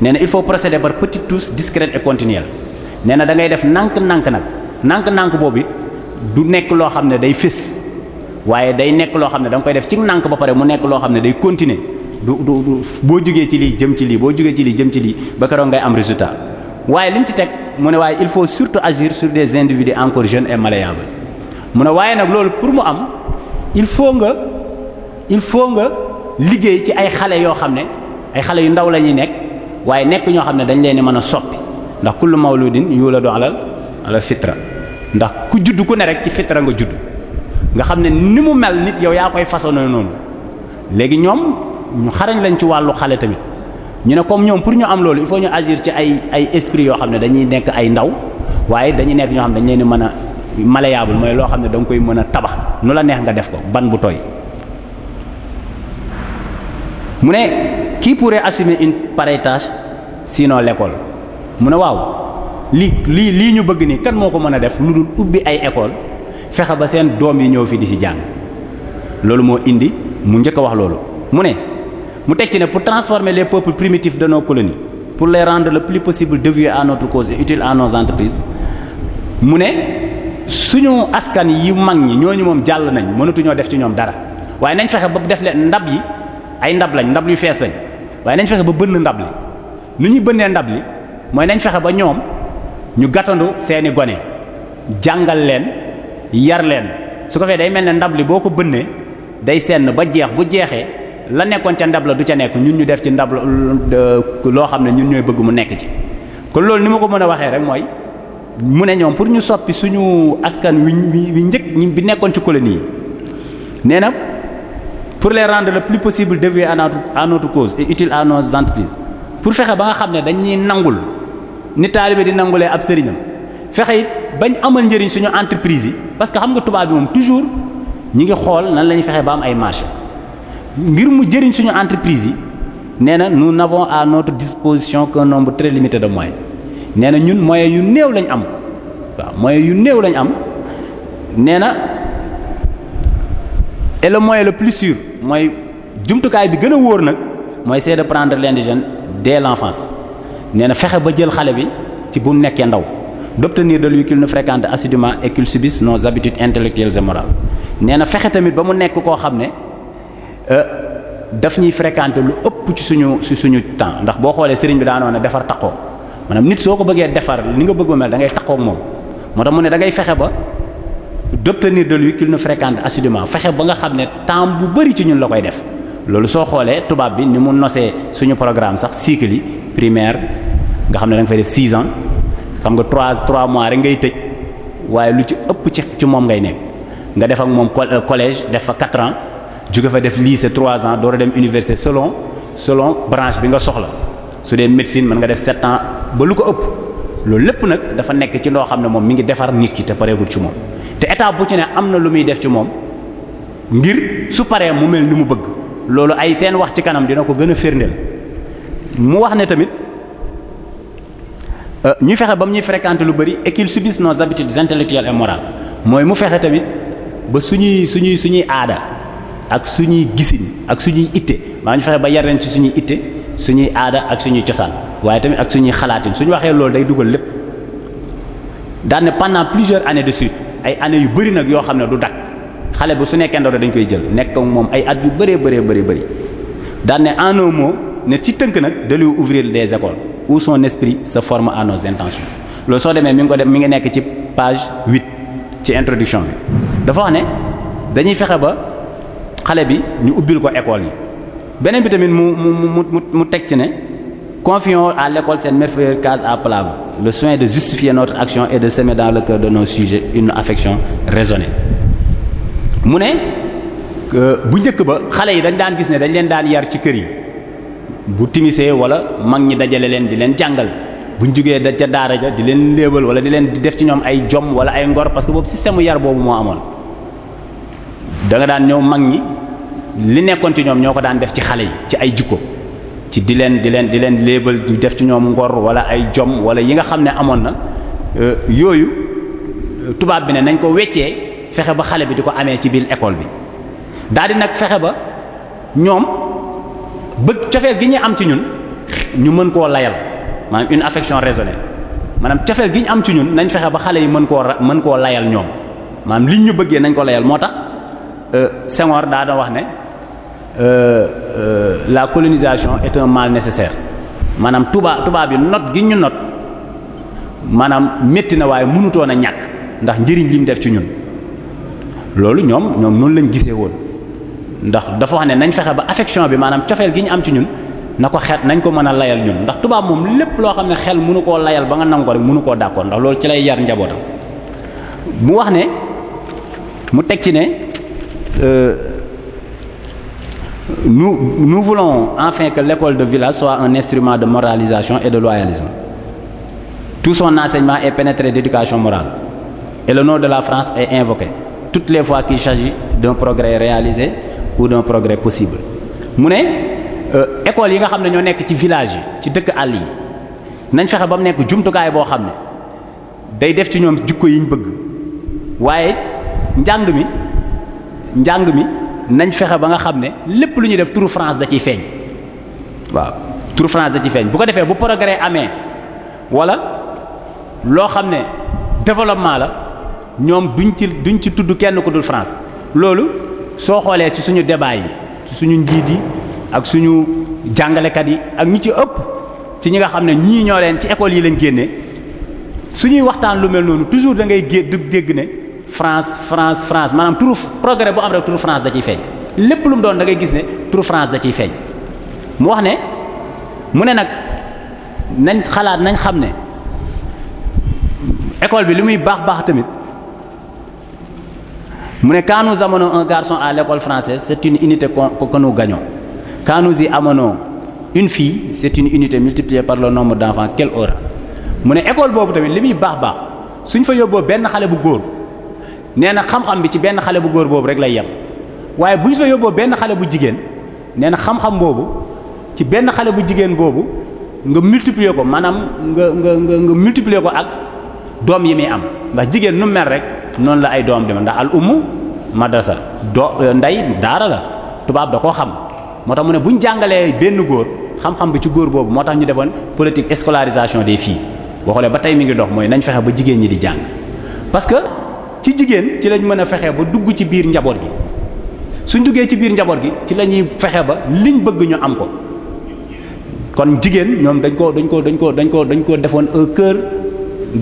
nee na il faut procéder par petites touches discrètes et continuelles nee na da ngay def nank-nank nag nank-nank boobu it du nekk loo xam ne day fés waaye day nekk loo xam ne da koy def ci nànk ba pare mu nekk loo xam ne day continuer du du boo jugee ci lii jëm ci lii boo jugee ci lii jëm ci lii ba keroog ngay am résultat waaye li mu ci teg mu ne waaye il faut surtout agir sur des individus encore jeunes et malléables mu ne waaye nag loolu pour mu am il faut nga il faut nga liggéey ci ay xale yoo xam ne ay xale yu ndaw la ñuy nekk waaye nekk ñoo xam ne dañ leen mën a soppi ndax kullu mawludin yuladu alal ala fitra ndax ku judd ku ne rek ci fitra nga judd nga xam ne ni mu mel nit yow yaa koy façonné noonu léegi ñoom ñu xarañ lañ ci wàllu xale tamit ñu ne comme ñoom pour ñu am loolu il faut ñu agir ci ay ay esprit yoo xam ne dañuy nekk ay ndaw waaye dañuy nekk ñoo xam ne dañ leen mën a malléable mooy loo xam ne danga koy mën a tabax nu la neex nga def ko ban bu tooy mu ne kii pourrait assumer une pareille tâche sinon mu ne waaw lii lii lii ñu bëgg nii kan moo ko mën a def lu dul ubbi ay école fexe ba seen doom yi ñëw fi di ci jàng loolu moo indi mu njëkk wax loolu mu ne mu teg ci ne pour transformer les peuples primitifs de nos colonies pour les rendre le plus possible dévoués à notre cause et utiles à nos entreprises mu ne suñu askan yi mag ñi ñooñu moom jàll nañ mënatuñoo def ci ñoom dara waaye nañ fexe ba def leen ndab yi ay ndab lañ ndab yu fees lañ waaye nañ fexe ba bënn ndab li lu ñuy bënnee ndab li mooy nañ fexe ba ñoom ñu gàttandu seeni gone jàngal leen yar leen su ko fee day mel ne ndab li boo ko bënnee day senn ba jeex bu jeexee la nekkoon ca ndab la du ca nekk ñun ñu def ci ndab loo xam ne ñun ñooy bëgg mu nekk ci kon loolu ni ma ko mën a waxee rek mooy mu ne ñoom pour ñu soppi suñu askan wi wi njëkk bi nekkoon ci colonie yi nee na pour les rendre le plus possible dévoués à notre à notre cause et utiles à nos entreprises pour fexe ba nga xam ne dañuy nangul ni taalibe di nangulee ab sëriñam bañ amal njëriñ suñu entreprise yi parce que xam nga tubaab bi moom toujours ñi ngi xool nan la ñuy fexee ba am ay marché ngir mu jëriñ suñu entreprise yi nee na nous n'avons à notre disposition qu'un nombre très limité de moyens nee na ñun moyens yu néew lañu am waaw yu néew lañ am nee na et le moyen le plus sûr mooy jumtukaay bi gën a wóor nag mooy c'est de prendre l'indigène dès l'enfance nee na fexe ba jël xale bi ci bu nekkee ndaw. d'obtenir de lui qu'il nous fréquente assidûment et qu'il subisse nos habitudes intellectuelles et morales nee na fexe tamit ba mu nekk koo xam ne euh, daf ñuy fréquenter lu ëpp ci suñu ci suñu temps ndax boo xoolee sëriñ bi daanoo ne defar taqoo maanaam nit soo ko bëggee defar ni nga bëgg mel dangay ngay moom moo tax mu ne da ngay fexe ba d'obtenir de lui qu'il nous fréquente assidûment fexe ba nga xam ne temps bu bari ci ñun la koy def loolu soo xoolee tubaab bi ni mu nosee suñu programme sax cycle yi primaire nga xam ne da nga fay def xam nga trois trois mois rek ngay tëj waaye lu ci ëpp ci ci moom ngay nekk nga def ak moom euh, collège def fa quatre ans jóge fa def lycée trois ans door dem université selon selon branche bi nga soxla su dee médecine mën nga def sept ans ba lu ko ëpp loolu lépp nag dafa nekk ci loo xam ne moom mi ngi defar nit ki te pareegul ci moom te état bu ci ne am na lu muy def ci moom ngir su paree mu mel ni mu bëgg loolu ay seen wax ci kanam dina ko gën a firndeel mu Euh, ñu fexe ba mu ñuy fréquenter lu bëri et qu'il subisse nos habitudes intellectuelles et morales mooy mu fexe tamit ba suñuy suñuy suñuy aada ak suñuy gisin ak suñuy itte maa ñu fexe ba yar leen ci suñuy itte suñuy aada ak suñuy cosaan waaye tamit ak suñuy xalaatin suñu waxee loolu day dugal lépp daan ne pendant plusieurs années de suite ay années yu bëri nag yoo xam ne du dakk xale bu su nekkee ndaw dañ koy jël nekk moom ay at yu bëree bëree bëri bëri daan en un mot ne ci tënk nag de lui des écoles. où son esprit se forme à nos intentions loolu soo demee mi ngi ko dem mu ngi nekk ci page huit ci introduction bi dafa wax ne dañuy fexe ba xale bi ñu ubbil ko école yi beneen bi tamit mu mu mu mu mu teg ci ne confion à l'école cette merveilleuse case à plat le soin de justifier notre action et de semer dans le cœur de nos sujets une affection raisonnée mu ne euh, bu njëkk ba xale yi dañ daan gis ne dañ leen daan yar ci kër yi. bu timisee wala mag ñi dajale leen di leen jàngal buñ jugee da ca daara ja di leen léebal wala di leen di def ci ñoom ay jom wala ay ngor parce que boobu système yar boobu moo amoon da daan ñëw mag ñi li nekkoon ci ñoom ñoo ko daan def ci xale yi ci ay jukko ci di leen di leen di leen léebal di def ci ñoom ngor wala ay jom wala yi nga xam ne amoon na euh, yooyu euh, tubaab bi ne nañ ko weccee fexe ba xale bi di ko amee ci biir école bi daal nag fexe bëgg cofeel gi ñu am ci ñun ñu mën koo layal maanaam une affection raisonnée maanaam cofeel gi ñu am ci ñun nañ fexe ba xale yi mën koo mën koo layal ñoom maanaam liñ ñu bëggee nañ ko layal moo tax euh, Senghor daa doon wax ne euh, euh, la colonisation est un mal nécessaire maanaam tubaab tubaab yi not gi ñu not maanaam métti na waaye mënutoon na ñàkk ndax njëriñ li mu def ci ñun loolu ñoom ñoom noonu lañ gisee woon. ndax dafa wax ne nañ fexe ba affection bi maanaam cofeel gi ñu am ci ñun na ko xet nañ ko mën a layal ñun ndax tubaab moom lépp loo xam ne xel mënu ko layal ba nga nangu ko rek mënu koo d'accord ndax loolu ci lay yar njabootam mu wax ne mu teg ci ne euh, nous nous voulons enfin que l'école de village soit un instrument de moralisation et de loyalisme tout son enseignement est pénétré d'éducation morale et le nom de la France est invoqué toutes les fois qu'il s'agit d'un progrès ou d'un progrès possible mu ne euh, école yi nga xam ne ñoo nekk ci village yi ci dëkk àll yi nañ fexe ba mu nekk jumtukaay boo xam ne day def ci ñoom jikko yiñ bëgg waaye njàng mi njàng mi nañ fexe ba nga xam ne lépp lu ñuy def turu France da ciy feeñ waaw turu France da ciy feeñ bu ko defee bu progrès amee wala loo xam ne développement la ñoom duñ ci duñ ci tudd kenn ku dul France loolu soo xoolee ci suñu débat yi ci suñu njiit yi ak suñu jàngalekat yi ak ñi ci ëpp ci ñi nga xam ne ñii ñoo leen ci école yi lañ génne suñuy waxtaan lu mel noonu toujours da ngay gé dégg ne France France France maanaam turu progrès bu am rek turu France da ciy feeñ lépp lu mu doon da ngay gis ne turu France da ciy feeñ mu wax ne mu ne nag nañ xalaat nañ xam ne école bi li muy baax baax tamit mu ne quand nous amenons un garçon à l'école française c'est une unité que nous gagnons quand nous y amenons une fii c'est une unité multipliée par le nombre d'enfants qu'elle aura mu ne école boobu tamit li muy baax baax suñ fa yóbboo benn xale bu góor nee na xam-xam bi ci benn xale bu góor boobu rek lay yem waaye bu ñu fa yóbboo benn xale bu jigéen nee na xam-xam boobu ci benn xale bu jigéen boobu nga multiplier ko maanaam nga nga nga multiplier ko ak doom yi muy am ndax jigéen nu mel rek. noonu la ay doom demee ndax al ummu madrasa doo euh, ndey daara la tubaab da koo xam moo tax mu ne bu ñu jàngalee benn góor xam-xam bi ci góor boobu moo tax ñu defoon politique scolarisation des fii boo xoolee ba tey mi ngi dox mooy nañ fexe ba jigéen ñi di jàng parce que ci jigéen ci lañ mën a fexe ba dugg ci biir njaboot gi suñ duggee ci biir njaboot gi ci la fexe ba liñ bëgg ñu am ko kon jigéen ñoom dañ ko dañ ko dañ ko dañ ko dañ ko defoon au cœur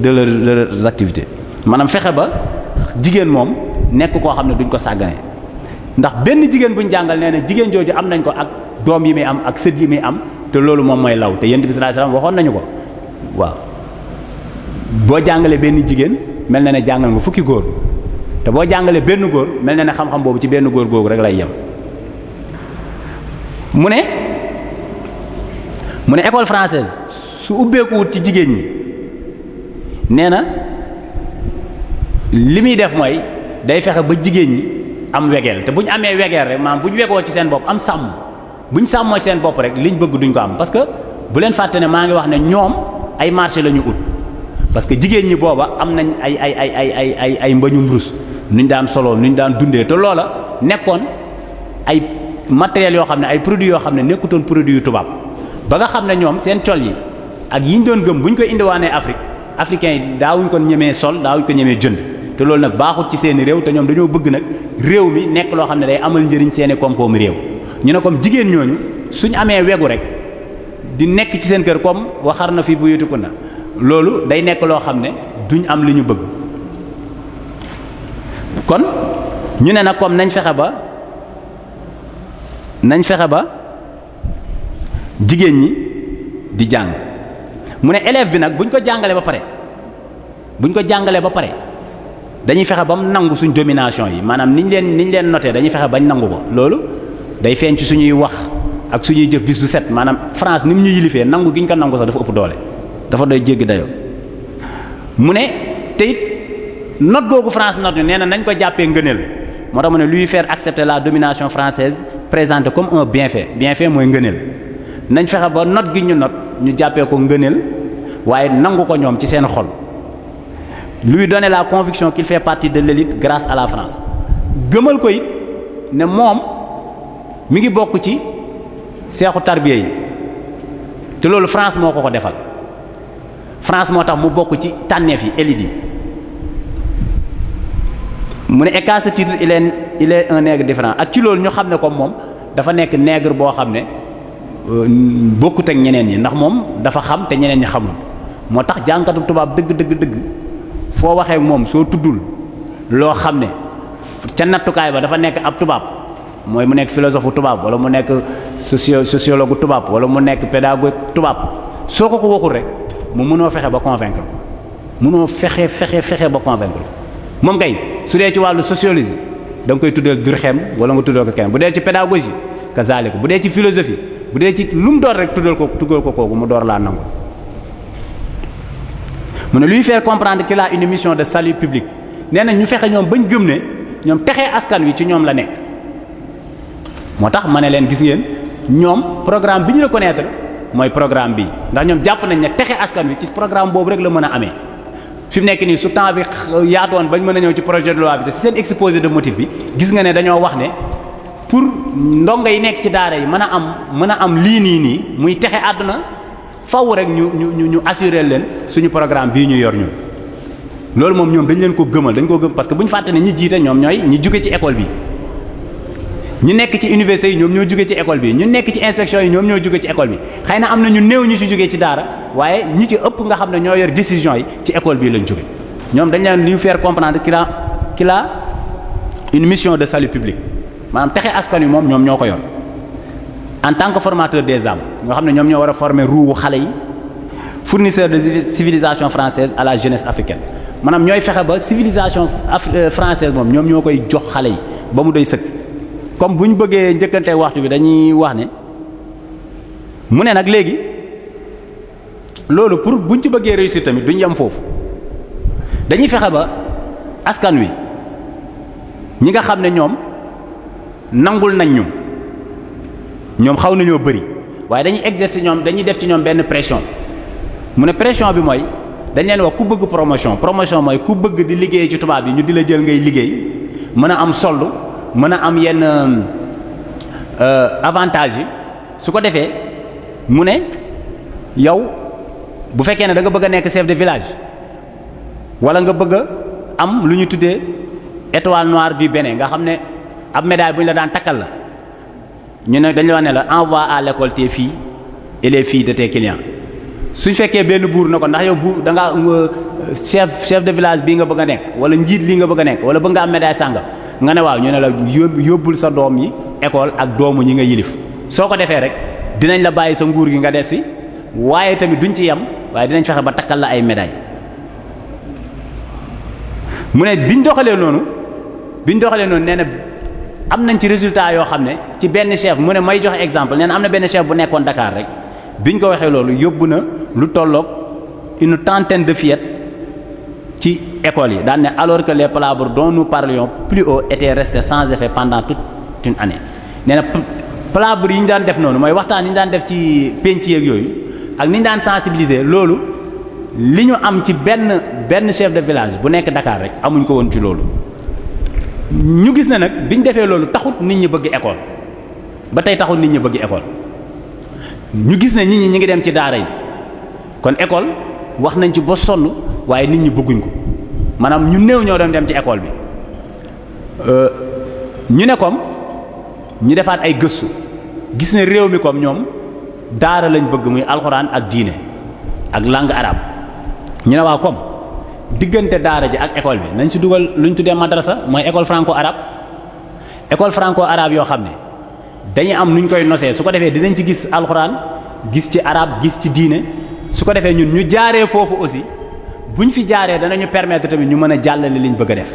de leurs activités maanaam fexe ba. jigéen moom nekk koo xam ne duñ ko sàggane ndax benn jigéen buñ jàngal nee na jigéen jooju am nañ ko ak doom yi muy am ak sët yi muy am te loolu moom mooy law te yent bi sallallahu alayhi waxoon nañu ko waaw boo jàngalee benn jigéen mel na ne jàngal nga fukki góor te boo jàngalee benn góor mel na ne xam-xam boobu ci benn góor googu rek lay yem mu ne mu ne école française su ubbeekuwut ci jigéen ñi nee na li muy def mooy day fexe ba jigéen ñi am wegeel te bu ñu amee wegeel rek maanaam bu ñu wegoo ci seen bopp am sàmm bu ñu sàmmoo seen bopp rek liñ bëgg duñ ko am parce que bu leen fàtte ne maa ngi wax ne ñoom ay marché la ñu ut parce que jigéen ñi booba am nañ ay ay ay ay ay ay ay mbañum rus nuñ daan soloo nuñ daan dundee te loola nekkoon ay matériels yoo xam ne ay produits yoo xam ne nekkutoon produit yu tubaab ba nga xam ne ñoom seen col yi ak yiñ doon gëm buñ ko indiwaanee Afrique africains yi daawuñ ko ñemee sol daawuñ ko ñemee jënd. te loolu nag baaxut ci seeni réew te ñoom dañoo bëgg nag réew mi nekk loo xam ne day amal njëriñ seeni koom-koomu réew ñu ne comme jigéen ñooñu suñu amee wegu rek di nekk ci seen kër comme waxar na fi buyutiku na loolu day nekk loo xam ne duñ am li ñu bëgg kon ñu ne nag comme nañ fexe ba nañ fexe ba jigéen ñi di jàng mu ne élève bi nag buñ ko jàngalee ba pare buñ ko jàngalee ba pare dañuy fexe ba mu nangu suñu domination yi maanaam niñ leen niñ leen noté dañuy fexe bañ nangu ko loolu day feeñ ci suñuy wax ak suñuy jëf bis bu set maanaam France ni mu ñu yilifee nangu gi ñu ko nangu sax dafa ëpp doole dafa day jéggi dayoo mu ne te it not googu France not ñu nee na nañ ko jàppee ngëneel moo tax mu ne luy faire accepter la domination française présentée comme un bienfait bienfait mooy ngëneel nañ fexe ba not gi ñu not ñu jàppee ko ngëneel waaye nangu ko ñoom ci seen xol luy donner la conviction qu'il fait partie de l'élite grâce à la France gëmal ko it ne moom mu ngi bokk ci seexu tarbiya yi te loolu France moo ko ko defal France moo tax mu bokk ci tànneef yi élite yi mu ne écart ce titre il est il différent ak ci loolu ñu xam ne comme moom dafa nekk nègre boo xam ne euh, bokkut ñeneen yi ndax moom dafa xam te ñeneen ñi xamul moo tax jànkatu tubaab dëgg dëgg dëgg foo waxee moom soo tuddul loo xam ne ca nattukaay ba dafa nekk ab tubaab mooy mu nekk philosophe tubaab wala mu nekk socio sociologue tubaab wala mu nekk pédagogue tubaab soo ko ko waxul rek mu mënoo fexe ba convaincre mënoo fexe fexe fexe ba convaincre moom kay su dee ci wàllu sociologie da nga koy tuddeel Durkheim wala nga tuddal ko kenn bu dee ci pédagogie ko bu dee ci philosophie bu dee ci lu mu door rek tuddal ko tuddal ko kooku mu door laa nangu. mu ne lui faire comprendre qu'il a une mission de salut public nee ñu fexe ñoom bañ gëm ne ñoom texe askan wi ci ñoom la nekk moo tax ma ne leen gis ngeen ñoom programme bi ñu reconnaître mooy programme bi ndax ñoom jàpp nañ ne texe askan wi ci programme boobu rek la mën a amee fi nekk nii su temps bi yaatoon bañ mën a ñëw ci projet de loi bi te seen exposé de motif bi gis nga ne dañoo wax ne pour ndongo yi nekk ci daara yi mën a am mën a am lii nii muy texe àdduna faw rek ñu ñu ñu assurer leen suñu programme bii ñu yor ñun loolu moom ñoom dañ leen ko gëmal dañ ko gëm parce que bu ñu fàtte ne ñi jiite ñoom ñooy ñi jóge ci école bi ñu nekk ci université yi ñoom ñoo jóge ci école bi ñu nekk ci inspection yi ñoom ñoo jóge ci école bi xëy na am na ñu néew ñu ci jugee ci daara waaye ñi ci ëpp nga xam ne ñoo yor décision yi ci école bi lañ jóge ñoom dañ leen li faire comprendre qu'il a une mission de salut public maanaam texe askan wi moom ñoom ñoo ko yor en tant que formateur des âmes nga xam ne ñoom ñoo war a former ruuwu xale yi fournisseur de civilisation française à la jeunesse africaine maanaam ñooy fexe ba civilisation euh, française moom ñoom ñoo koy jox xale yi ba mu doy sëkk comme bu ñu bëggee njëkkante waxtu bi dañuy wax ne mu ne nag léegi loolu pour bu ñu ci bëggee réussir tamit duñ yem foofu dañuy fexe ba askan wi ñi nga xam ne ñoom nangul nañ ñu. ñoom xaw nañoo bëri waaye dañuy exercer ñoom dañuy def ci ñoom benn pression mu ne pression bi mooy dañ leen wax ku bëgg promotion promotion mooy ku bëgg di liggéey ci tubaab yi ñu di la jël ngay liggéey mën a am solde mën a am yenn euh, avantage yi su ko defee mu ne yow bu fekkee ne danga bëgg a nekk chef de village wala nga bëgg a am lu ñu tuddee étoile noire du Bénin nga xam ne ab médaille bu ñu la daan takkal la ñu ne dañu la ne la envoie à l'école tes fii et les filles de tes clients suñ fekkee benn buur na ko ndax yow bu da ngaa euh, chef chef de village bii nga bëgg a nekk wala njiit lii nga bëgg a nekk wala bëgg nga am médaille sànga nga ne waaw ñu ne la yóbbul sa doom yi école ak doomu ñi nga yilif soo ko defee rek dinañ la bàyyi sa nguur gi nga des fi waaye tamit duñ ci yem waaye dinañ fexe ba takkal la ay médaille mu ne biñ doxalee noonu biñ doxalee noonu nee na am nañ ci résultat yoo xam ne ci benn chef mu ne may jox exemple nee am na benn chef bu nekkoon Dakar rek biñ ko waxee loolu yóbbu na lu tolloog une trentaine de fillettes ci école yi daan ne alors que les palabres dont nous parlions plus haut étaient restées sans effet pendant tout une année nee na palabres yi ñu daan def noonu mooy waxtaan yi ñu daan def ci penc yeeg yooyu ak ni ñu daan sensibiliser loolu li ñu am ci benn benn chef de village bu nekk Dakar rek amuñ ko woon ci loolu. ñu gis ne nag bi ñu defee loolu taxut nit ñi bëgg école ba tey taxut nit ñi bëgg école ñu gis ne nit ñi ñi ngi dem ci daara yi kon école wax nañ ci ba sonn waaye nit ñi bëgguñ ko maanaam ñu néew ñoo doon dem ci école bi euh, ñu ne comme ñu defaat ay gëstu gis ne réew mi comme ñoom daara lañ bëgg muy alxuraan ak diine ak langue arabe ñu ne waa comme diggante daara ji ak école bi nañ ci dugal lu ñu tuddee madrasa mooy école franco arabe école franco arabe yoo xam ne dañuy am nu ñu koy nosee su ko defee dinañ ci gis alxuraan gis ci arabe gis ci diine su ko defee ñun ñu jaaree foofu aussi bu ñu fi jaaree danañu permettre tamit ñu mën a jàllale liñ bëgg a def.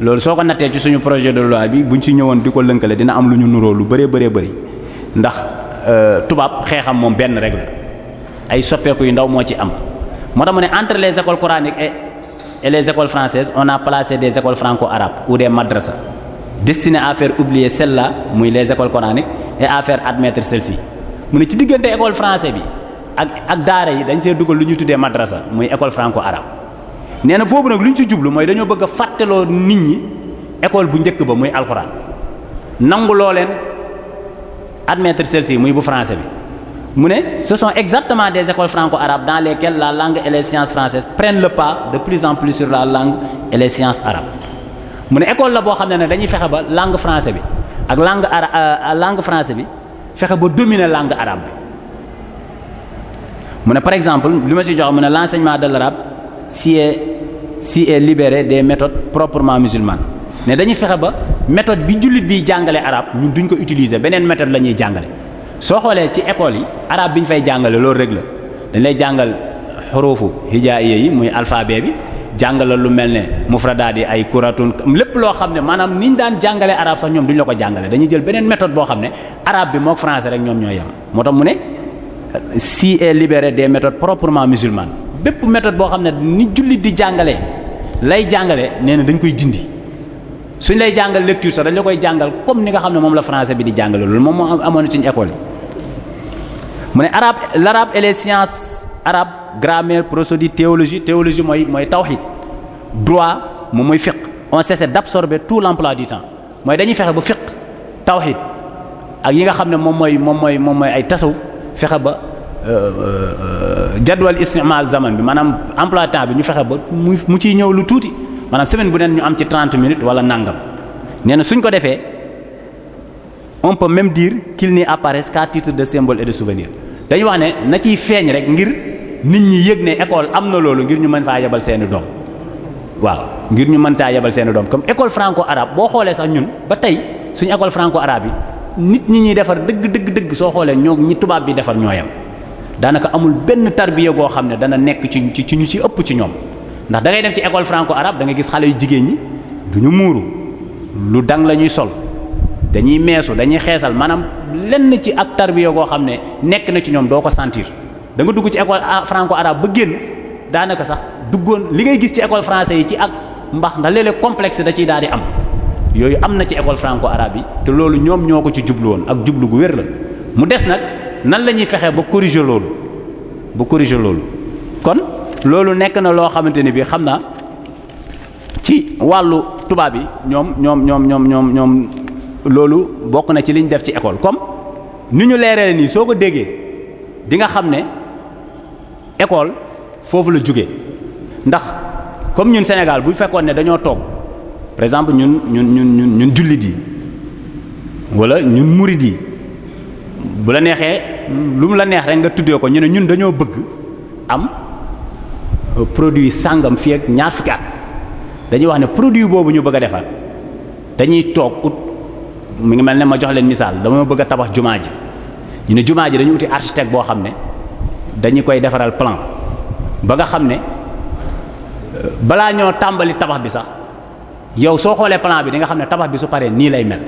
loolu soo ko nattee ci suñu projet de loi bi bu buñ ci ñëwoon di ko lënkale dina am lu ñu nuroo lu bëree bëree bëri ndax euh, tubaab xeexam moom benn rek ay soppeeku yu ndaw moo ci am. moo tax mu ne entre les écoles coraniques e et les écoles françaises on a placé des écoles franco-arabes ou des madrasas destinées à faire oublier muy les écoles coraniques et à faire admettre mu ne ci diggante école francais bi ak ak daara yi dañ see dugal lu ñuy tuddee madrasa muy école franco-arabe nee na foofu nag lu ñu ci jublu mooy dañoo bëgg a fàttaloo nit ñi école bu njëkk ba muy alxuraan nangu loo leen admettre celle-ci muy bu français bi. mu ne ce sont exactement des écoles franco-arabes dans lesquelles la langue et les sciences françaises prennent le pas de plus en plus sur la langue et les sciences arabes mu ne école la boo xam ne ne dañuy fexe ba langue français bi ak langue ara euh, euh, langue français bi fexe ba dominer langue arabe bi mu ne par exemple lu ma si jox mu ne l'enseignement de l'arabe si est si est libéré des méthodes proprement musulmanes ne dañuy fexe ba métode bi jullit biy jàngale arabe ñun duñ ko utiliser beneen méthode la ñuy jàngale soo xoolee ci école yi arabe bi ñu fay jàngale loolu rek la dañ lay jàngal xuruufu hijaaiya yi muy alphabet bi jàngale lu mel ne mufradaat yi ay kuratun lépp loo xam ne maanaam ni ñu daan jàngalee araab sax ñoom duñ la ko jàngale dañuy jël beneen méthode boo xam ne arabe bi mook français rek ñoom ñoo yem moo tax mu ne si est libéré des méthodes proprement musulmanes bépp méthode boo xam ne ni jullit di jàngalee lay jàngalee nee na dañ koy dindi suñ lay jàngal lecture sax dañ la koy jàngal comme ni nga xam ne moom la français école yi mu ne arabe l'arabe et les sciences arabes grammaire prosodie théologie théologie mooy mooy tawhid droit moom mooy fiqh on cesse d'absorber tout l'emploi du temps mooy dañuy fexe ba fiqh tawhid ak yi nga xam ne moom mooy moom mooy moom mooy ay tasawuf fexe ba euh, euh, jadwal istimal zaman bi maanaam emploi temps bi ñu fexe ba mu mu ciy ñëw lu tuuti maanaam semaine bu neen ñu am ci 30 minutes wala nangam nee suñ ko defee. on peut même dire qu'il n'y apparaisse qu'à titre de symbole et de souvenir dañu wax ne na ciy feeñ rek ngir nit ñi yëg ne école am na loolu ngir ñu mën faa yebal seeni doom waaw ngir ñu mën caa yebal seeni doom comme école franco arabe boo xoolee sax ñun ba tey suñu école franco arabe yi nit ñi ñuy defar dëgg dëgg dëgg soo xoolee ñoo ñi tubaab bi defar ñooyam daanaka amul benn tarbiya goo xam ne dana nekk ci ci ci ñu ci ëpp ci ñoom ndax da ngay dem ci école franco arabe da ngay gis xale yu jigéen ñi du ñu muuru lu dang la ñuy sol dañuy meesu dañuy xeesal maanaam lenn ci ak tarbiya goo xam ne nekk na ci ñoom doo ko sentir da dugg ci école ah, franco arabe ba génn daanaka sax duggoon li ngay gis ci école français yi ci ak mbax ndax léeg-léeg da ciy daal di am yooyu am na ci école franco arabe bi te loolu ñoom ñoo ko ci jublu woon ak jublu gu wér la mu des nag nan la ñuy fexee ba corriger loolu ba corriger loolu kon loolu nekk na loo xamante ni bi xam na ci wàllu tubaab yi ñoom ñoom ñoom ñoom ñoom ñoom loolu bokk na ci liñ def ci école comme ni ñu leeree nii soo ko déggee di nga xam ne école foofu la jóge ndax comme ñun Sénégal bu fekkoon ne dañoo toog par exemple ñun ñun ñun ñun ñun jullit yi wala ñun muri yi bu la neexee lu mu la neex rek nga tuddee ko ñu ne ñun dañoo bëgg am produit sàngam fii ak ñaar fukki at dañuy wax ne produit boobu ñu bëgg a defar dañuy toog ut mi ngi mel ni ma jox leen misaal dama bëgg a tabax jumaa ji ñu ne jumaa ji dañu uti architecte boo xam ne dañu koy defaral plan ba nga xam ne euh, balaa ñoo tàmbali tabax bi sax yow soo xoolee plan bi di nga xam ne tabax bi su paree nii lay mel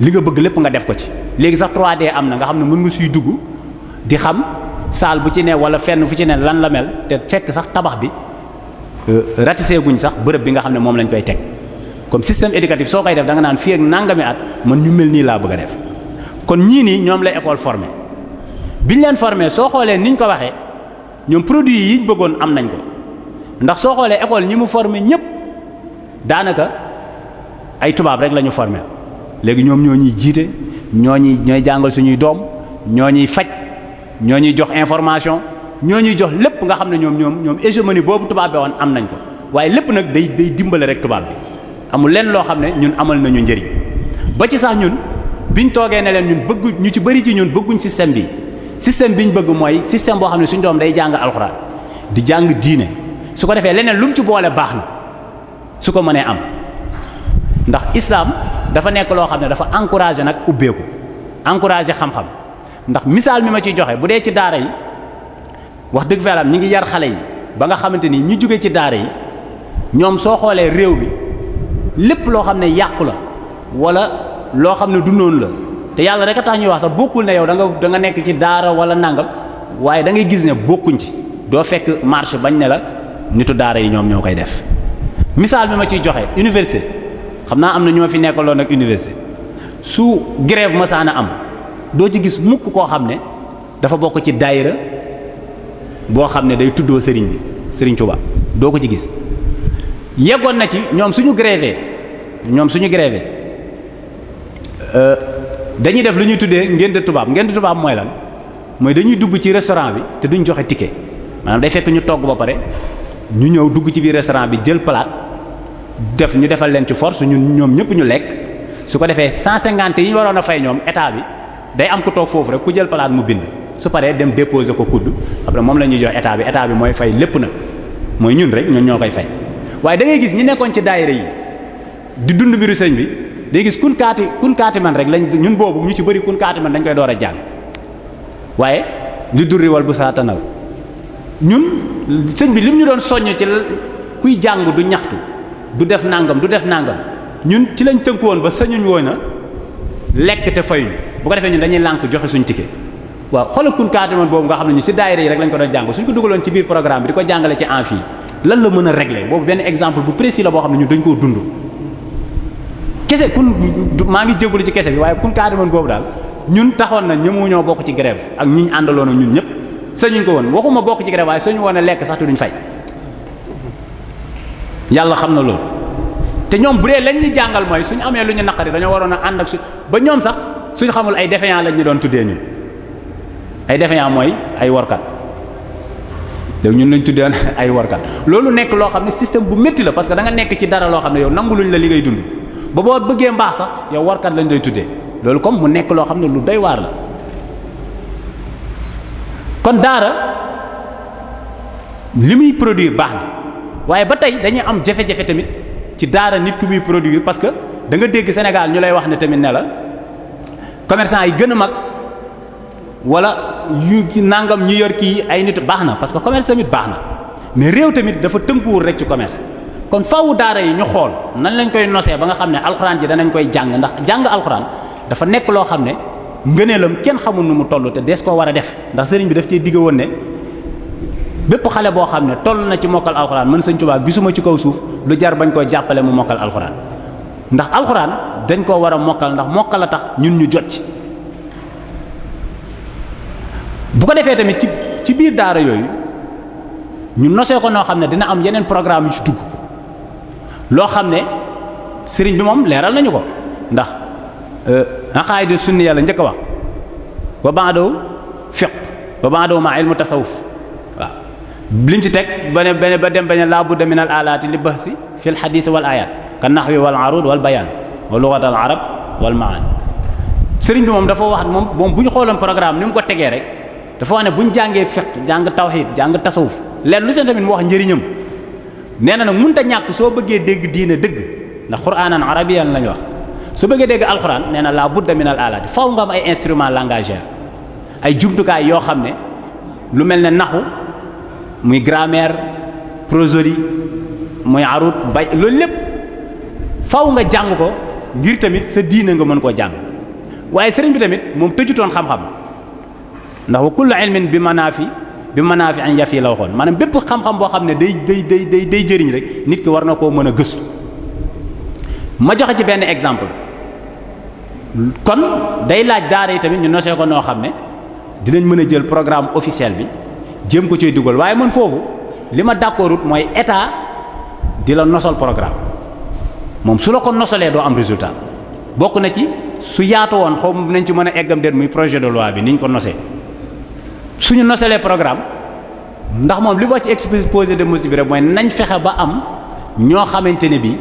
li nga bëgg lépp nga def ko ci léegi sax 3 de am na nga xam ne mën nga suy dugg di xam saal bu ci ne wala fenn fu ci ne lan la mel te fekk sax tabax bi euh, ratissé guñ sax bërëb bi nga xam ne moom lañ koy teg. comme système éducatif soo koy def danga nga naan fii ak mi at man ñu mel nii laa bëgg def kon ñii nii ñoom lay école formé biñ leen formé soo xoolee niñ ko waxee ñoom produit yiñ bëggoon am nañ ko ndax soo xoolee école ñi mu formé ñépp daanaka ay tubaab rek la ñu formé léegi ñoom ñoo ñuy jiite ñoo ñuy ñooy jàngal suñuy doom ñoo ñuy faj ñoo ñuy jox information ñoo ñuy jox lépp nga xam ne ñoom ñoom ñoom hégémonie boobu tubaab bi woon am nañ ko waaye lépp nag day day dimbale rek tubaab amul lenn loo xam ne ñun amal nañu njëriñ ba ci sax ñun bi ñu toogee ne leen ñun bëggu ñu ci bëri ci ñun bëgguñ système bi système biñ bëgg mooy système boo xam ne suñu doom day jàng alxuraan di jàng diine su ko defee leneen lu mu ci boole baax na su ko mënee am ndax islam dafa nekk loo xam ne dafa encouragé nag ubbeeku encouragé xam-xam ndax misaal mi ma ciy joxe bu dee ci daara yi wax dëgg fa ñi ngi yar xale yi ba nga xamante ni ñi jóge ci daara yi ñoom soo xoolee réew bi lépp loo xam ne yàqu la wala loo xam ne du noonu la te yàlla rek a tax ñuy wax sa bokkul ne yow danga nga da nga nekk ci daara wala nàngam waaye dangay gis ne bokkuñ ci doo fekk marché bañ ne la nitu daara yi ñoom ñoo koy def. misaal bi ma ciy joxe université xam naa am na ñu ma fi nekkaloon ak université su grève masaana am doo ci gis mukk koo xam ne dafa bokk ci daayira boo xam ne day tuddoo sëriñ bi sëriñ Touba doo ko ci gis yeggoon na ci ñoom suñu ñoom suñu grève euh, dañuy def lu ñuy tuddee ngénte tubaab ngénte tubaab mooy lan mooy dañuy dugg ci restaurant bi te duñ joxe ticket maanaam day fekk ñu togg ba pare ñu ñëw dugg ci biir restaurant bi jël palaat def ñu defal leen ci force ñun ñoom ñëpp ñu lekk su ko defee 150 yi ñu waroon a fay ñoom état bi day am ku toog foofu rek ku jël palaat mu bind su paree dem déposer ko kudd après moom la ñuy jox état bi état bi mooy fay lépp nag mooy ñun rek ñun ñoo koy fay di dund mbiru sëñ bi day gis kun kaati kun kaati man rek lañ ñun boobu ñu ci bëri kun kaati man dañ koy door a jàng waaye li durri wal bu saatanal ñun sëñ bi mu ñu doon soññ ci la kuy jàng du ñaxtu du def nangam du def nangam ñun ci lañ tënku woon ba sañuñ woo na lekk te fayuñ bu ko defee ñun dañuy lànk joxe suñ ticket waaw xoolal kun kaati man boobu nga xam ne ñu si daayira yi rek lañ ko doon jàng suñ ko dugaloon ci biir programme bi mën a régler boobu benn exemple bu précis la boo xam ne ñu dañ koo dund kese kun maa ngi jébalu ci kese bi waaye kun kaadaman boobu daal ñun taxoon na ñëmu ñoo bokk ci grève ak ñi ñu àndaloon ak ñun ñëpp sañuñ ko woon waxuma bokk ci grève waaye sañu woon a lekk sax te duñ fay yàlla xam na loolu te ñoom bu dee lañ ñu jàngal mooy suñu amee lu ñu naqari dañoo waroon a ànd ak su ba ñoom sax suñu xamul ay défaillant lañ ñu doon tuddee ñun ay défaillant mooy ay workat léegi ñun lañ tuddee [LAUGHS] ay workat loolu nekk loo xam ne système bu métti la parce que da nekk ci dara loo xam ne yow nanguluñ la li ngay dund ba boo bëggee mbaax sax yow warkat lañ lay tuddee loolu comme mu nekk loo xam ne lu doy waar la kon daara li muy produire baax na waaye ba tey dañuy am jafe-jafe tamit ci daara nit ki muy produire parce que da dégg Sénégal ñu lay wax ne tamit ne la commerçant yi gën a mag wala yu nangam ñu yor kii ay nit baax na parce que commerce tamit baax na mais réew tamit dafa tënkuwul rek ci commerce. kon faawu daara yi ñu xool nan lañ koy nosee ba nga xam ne alxuraan ji danañ koy jàng ndax jàng alxuraan dafa nekk loo xam ne ngëneelam kenn xamul nu mu toll te des koo war a def ndax sëriñ bi daf cee digg woon ne bépp xale boo xam ne toll na ci mokkal alxuraan mën Sëriñ Tuubaa gisuma ci kaw suuf lu jar bañ koo jàppale mu mokkal alxuraan ndax alxuraan dañ koo war a mokkal ndax mokkal a tax ñun ñu jot ci bu ko defee tamit ci biir daara yooyu ñu nosee ko noo xam ne dina am yeneen programme yu ci loo xam ne sëriñ bi moom leeral nañu ko ndax euh, aqaayida sunni yàlla njëkk a wax wa ba'du fiqh wa ba'du ma ilmu tasawuf waaw liñ ci teg ba ne ba dem ba ne laa budda min al alaati li bahsi fi al hadith wal ayat kan nahwi wal arud wal bayan wa lughat al arab wal ma'ani sëriñ bi moom dafa wax moom moom bu ñu xooloon programme ni mu ko tegee rek dafa wax ne bu ñu jàngee fiqh jàng tawhid jàng tasawuf leen lu seen tamit mu wax njëriñam nee na mun mënta ñàkk soo bëggee dégg diine dëgg ndax quraanan arabiyan lañ wax soo bëggee dégg alxuraan nee na la budda min al alaati faaw nga ay instrument langagère ay jumtukaay yoo xam ne lu mel ne naxu muy grammaire prosodie muy arut bay loolu lépp faaw nga jàng ko ngir tamit sa diine nga mën koo jàng waaye sëriñ bi tamit moom tëjutoon xam-xam ndax wa kullu ilmin bi manaafi bi manaafi an yafi la waxoon maanaam bépp xam-xam boo xam ne day day day day day jëriñ rek nit ki war na koo mën a gëstu ma joxe ci benn exemple kon day laaj daara yi tamit ñu nosee ko noo xam ne dinañ mën a jël programme officiel bi jëm ko ciy dugal waaye mën foofu li ma d'accordut mooy état di la nosal programme moom su la ko nosalee doo am résultat bokk na ci su yaatu woon xaw ma nañ ci mën a eggam déet muy projet de loi bi niñ ko nosee. suñu noselee programme ndax moom li wax ci exposé de motifs bi rek mooy nañ fexe ba am ñoo xamante ne bi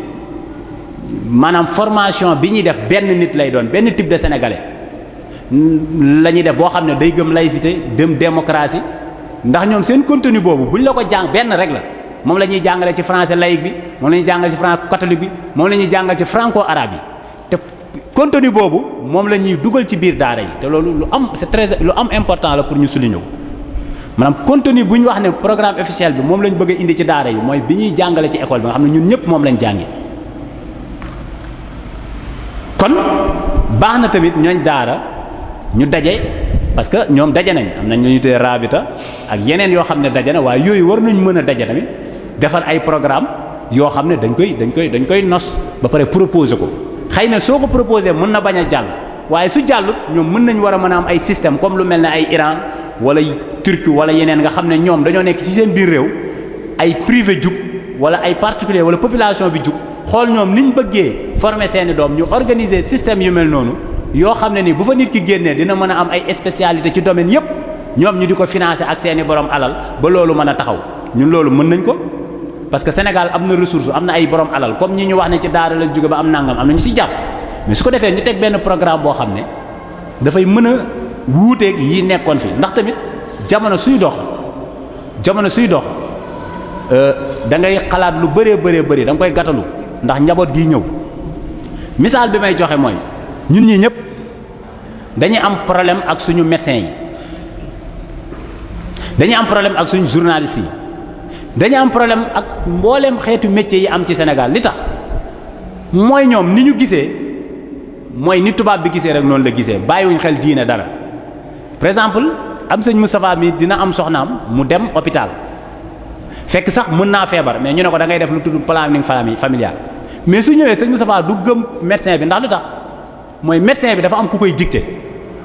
maanaam formation bi ñuy def benn nit lay doon benn type de sénégalais la ñuy def boo xam ne day gëm laïcité dem démocratie ndax ñoom seen contenu boobu buñ la ko jàng benn rek la moom la ñuy jàngale ci français laïque bi moom la ñuy jàngale ci français catholique bi moom la ñuy jàngale ci franco arabe yi contenu boobu moom la ñuy dugal ci biir daara yi te loolu lu am c'est très lu am important la pour ñu souligner ko maanaam contenu bu ñu wax ne programme officiel bi moom lañu bëgg indi ci daara yi mooy bi ñuy jàngale ci école bi nga xam ne ñun ñëpp moom lañ jàngi kon baax na tamit ñooñ daara ñu daje parce que ñoom daje nañ am nañ lu ñu tuddee rabita ak yeneen yoo xam ne daje na waaye yooyu war nañ mën a daje tamit defar ay programme yoo xam ne dañ koy dañ koy dañ koy nos ba pare proposer ko xëy na soo ko proposé mën na bañ a jàll waaye su jàllut ñoom mën nañ war a mën a am ay système comme lu mel ne ay Iran wala Turquie wala yeneen nga xam ne ñoom dañoo nekk ci seen biir réew ay privé jug wala ay particulier wala population bi jug xool ñoom niñ bëggee former seeni doom ñu organiser système yu mel noonu yoo xam ne nii bu fa nit ki génnee dina mën a am ay spécialité ci domaine yépp ñoom ñu di ko financer ak seeni borom alal ba loolu mën a taxaw mën nañ ko parce que Sénégal am na ressource am na ay borom alal comme ñi ñu wax ne ci daara la jóge ba am nangam am na ñu ci jàpp mais su ko defee ñu teg benn programme boo xam ne dafay mën a wuuteeg yi nekkoon fi ndax tamit jamono suy dox jamono suy dox euh, da ngay xalaat lu bëree bëree bëri da nga koy gàttalu ndax njaboot gi ñëw misaal bi may joxe mooy ñun ñii ñëpp dañuy am problème ak suñu médecins yi dañuy am problème ak suñu journalistes yi. dañu am problème ak mbooleem xeetu métier yi am ci Sénégal li tax mooy ñoom ni ñu gisee mooy ni tubaab bi gisee rek noonu la gisee bàyyiwuñ xel diine dara par exemple am sëñ Moustapha mi dina am soxnaam mu dem hôpital fekk sax mën naa feebar mais ñu ne ko da ngay def lu tudd planning familial mais su ñëwee sëñ Moustapha du gëm médecin bi ndax lu tax mooy médecin bi dafa am ku koy dicté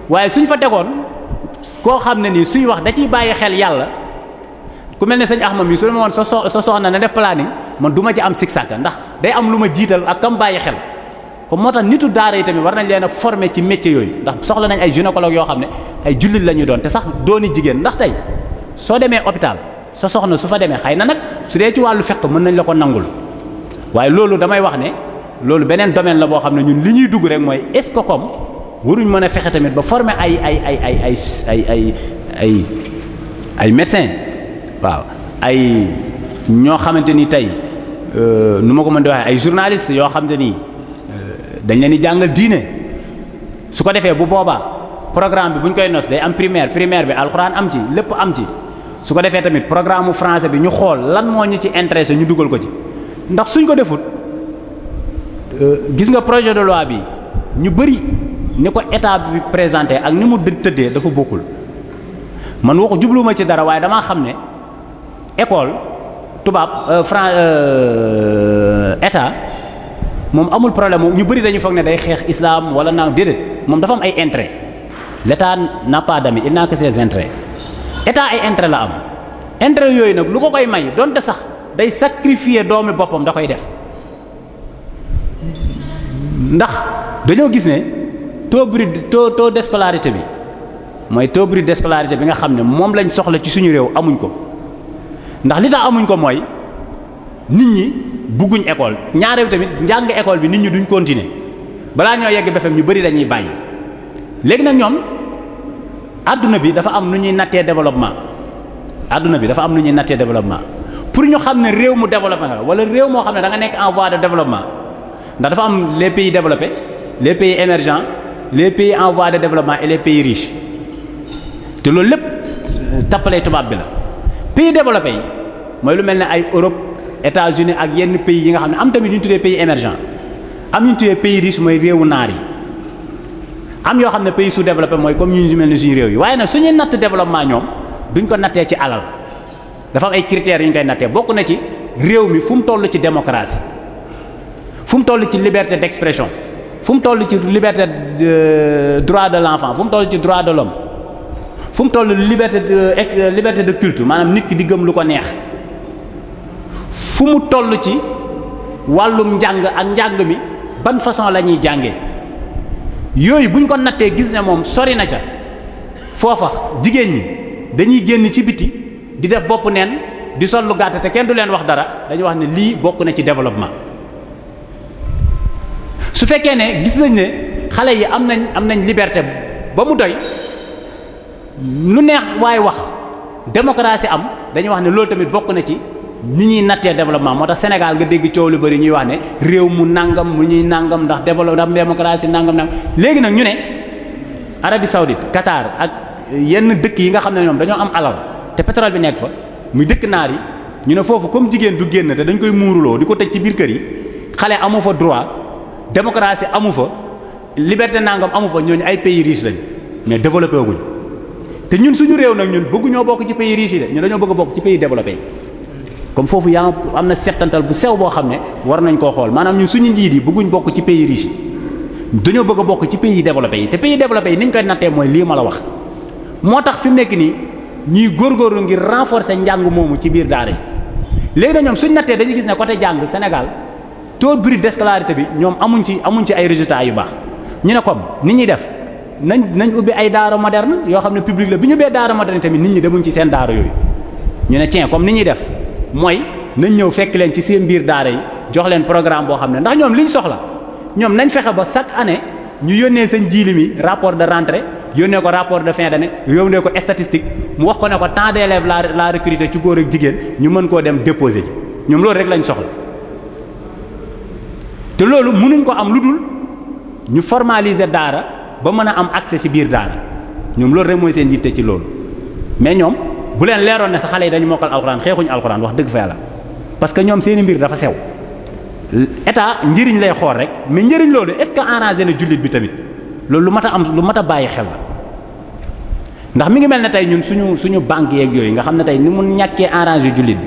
waaye suñ fa tegoon koo xam ne nii suy wax da ciy bàyyi xel yàlla. ku mel ne sëñ Axma mi su ma woon sa so sa soxna na def planning man du ma ci am sikk-sàkk ndax day am lu ma jiital ak kam bàyyi xel comme moo tax nitu daara yi tamit war nañ leen a former ci métier yooyu ndax soxla nañ ay gynécologue yoo xam ne ay jullit la ñuy doon te sax dooni jigéen ndax tey soo demee hôpital sa soxna su fa demee xëy na nag su dee ci wàllu fekk mën nañ la ko nangul waaye loolu damay wax ne loolu beneen domaine la boo xam ne ñun li ñuy dugg rek mooy est-ce que comme waruñ mën a fexe tamit ba former ay ay ay ay ay ay ay ay ay médecins waaw ay ñoo xamante ni tey euh, nu ma ko mën di waxee ay journaliste yoo xamante ni euh, dañ leen di jàngal diine su ko defee bu boobaa programme bi bu ñu koy nos day am primaire primaire bi alxuraan am ci lépp am ci su ko defee tamit programme mu français bi ñu xool lan moo ñu ci intéressé ñu dugal ko ci ndax suñ ko defut euh, gis nga projet de loi bi ñu bëri ni ko état bi présenté ak ni mu tëddee dafa bokkul man waxu jubluwuma ci dara waaye damaa xam ne. école tubaab euh, franc euh, état moom amul problème moom ñu bëri dañu foog ne day xeex islam wala naa déedéet moom dafa am ay intérêt l'état n'a pas d'amis il n'a que ses intérêts état ay intérêt la am intérêt yooyu nag lu ko koy may donte sax day sacrifier doomi boppam da koy def ndax dañoo gis ne taux brut taux taux de bi mooy taux brut de scolarité bi nga xam ne moom lañ soxla ci suñu réew amuñ ko ndax li tax amuñ ko mooy nit ñi bugguñ école ñaareelu tamit njàng école bi nit ñi duñu continuer balaa ñoo yegg BFEM ñu bari dañuy bàyyi léegi nag ñoom adduna bi dafa am nu ñuy nattee développement adduna bi dafa am nu ñuy nattee développement pour ñu xam ne réew mu développé la wala réew moo xam ne da nekk en voie de développement ndax dafa am les pays développés les pays émergents les pays en voie de développement et les pays te loolu lépp tappalee tubaab bi pays développé yi mooy lu mel ne ay Europe États-Unis ak yenn pays yi nga xam ne am tamit ñu tuddee pays émergents am ñu tuddee pays riche mooy réewu naar yi am yoo xam ne pays su développé mooy comme ñu mel ne suñu réew yi waaye na suñuy natt développement ñoom duñ ko nattee ci alal dafa ay critères yuñ ñu koy nattee bokk na ci réew mi fu mu toll ci démocratie fu mu toll ci liberté d'expression fu mu toll ci liberté euh, droit de l'enfant fu mu toll ci droit de l'homme fu mu toll liberté de liberté de culte maanaam nit ki di gëm lu ko neex fu mu toll ci wàllum njàng ak njàng mi ban façon la ñuy jànge yooyu buñ ko nattee gis ne moom sori na ca foofa jigéen ñi dañuy génn ci biti di def bopp neen di sol lu gàtt te kenn du leen wax dara dañu wax ne lii bokk na ci développement su fekkee ne gis nañ ne xale yi am nañ am nañ liberté ba mu doy lu neex waaye wax démocratie am dañuy wax ne loolu tamit bokk na ci ñi ñuy nattee développement moo tax Sénégal nga dégg coow lu bari ñuy wax ne réew mu nangam mu ñuy nangam ndax développement ndax démocratie nangam nangam léegi nag ñu ne Arabie Saoudite Qatar ak yenn dëkk yi nga xam ne ñoom dañoo am alal te pétrole bi nekk fa mu dëkk naar yi ñu ne foofu comme jigéen du génn te dañ koy muuruloo di ko tëj ci biir kër yi xale amu fa droit démocratie amu fa liberté nangam amu fa ñooñu ay pays lañ mais développé wuñ te ñun suñu réew nag ñun bëgguñoo bokk ci pays riche yi de ñun dañoo bëgg a bokk ci pays développé yi comme foofu yaa am na settantal bu sew boo xam ne war nañ koo xool maanaam ñun suñu njiit yi bëgguñ bokk ci pays riche yi dañoo bëgg bokk ci pays développé yi te pays développé yi niñ koy nattee mooy lii ma la wax moo tax fi mu nekk nii ñuy góorgóorlu ngir renforcer njàng moomu ci biir daara yi léegi ñoom suñ nattee dañuy gis ne côté jàng Sénégal taux brut d'escolarité bi ñoom amuñ ci amuñ ci ay résultats yu baax ñu ne comme ni ñuy def nañ nañ ubbi ay daara moderne yoo xam ne public la bi ñu bee daara moderne tamit nit ñi demuñ ci seen daara yooyu ñu ne tiens comme ni ñuy def mooy nañ ñëw fekk leen ci seen biir daara yi jox leen programme boo xam ne ndax ñoom liñ soxla ñoom nañ fexe ba chaque année ñu yónnee seen jiili mi rapport de rentrée yónnee ko rapport de fin d'année yónnee ko statistique mu wax ko ne ko tant d'élèves la la recruter ci góor ak jigéen ñu mën koo dem déposer ñoom loolu rek lañ soxla te loolu mënuñ ko am lu dul ñu formaliser daara. ba mën a am accès ci biir daara ñoom loolu rek mooy seen yitte ci loolu mais ñoom bu leen leeroon ne sa xale yi dañu mokkal alxuraan xeexuñu alxuraan wax dëgg fa yàlla parce que ñoom seeni mbir dafa sew état njëriñ lay xool rek mais njëriñ loolu est-ce que arrangé na jullit bi tamit loolu lu mat a am lu mat a bàyyi xel la ndax mi ngi mel ne tey ñun suñu suñu banque yeeg yooyu nga xam ne tey ni mu ñàkkee arrangé jullit bi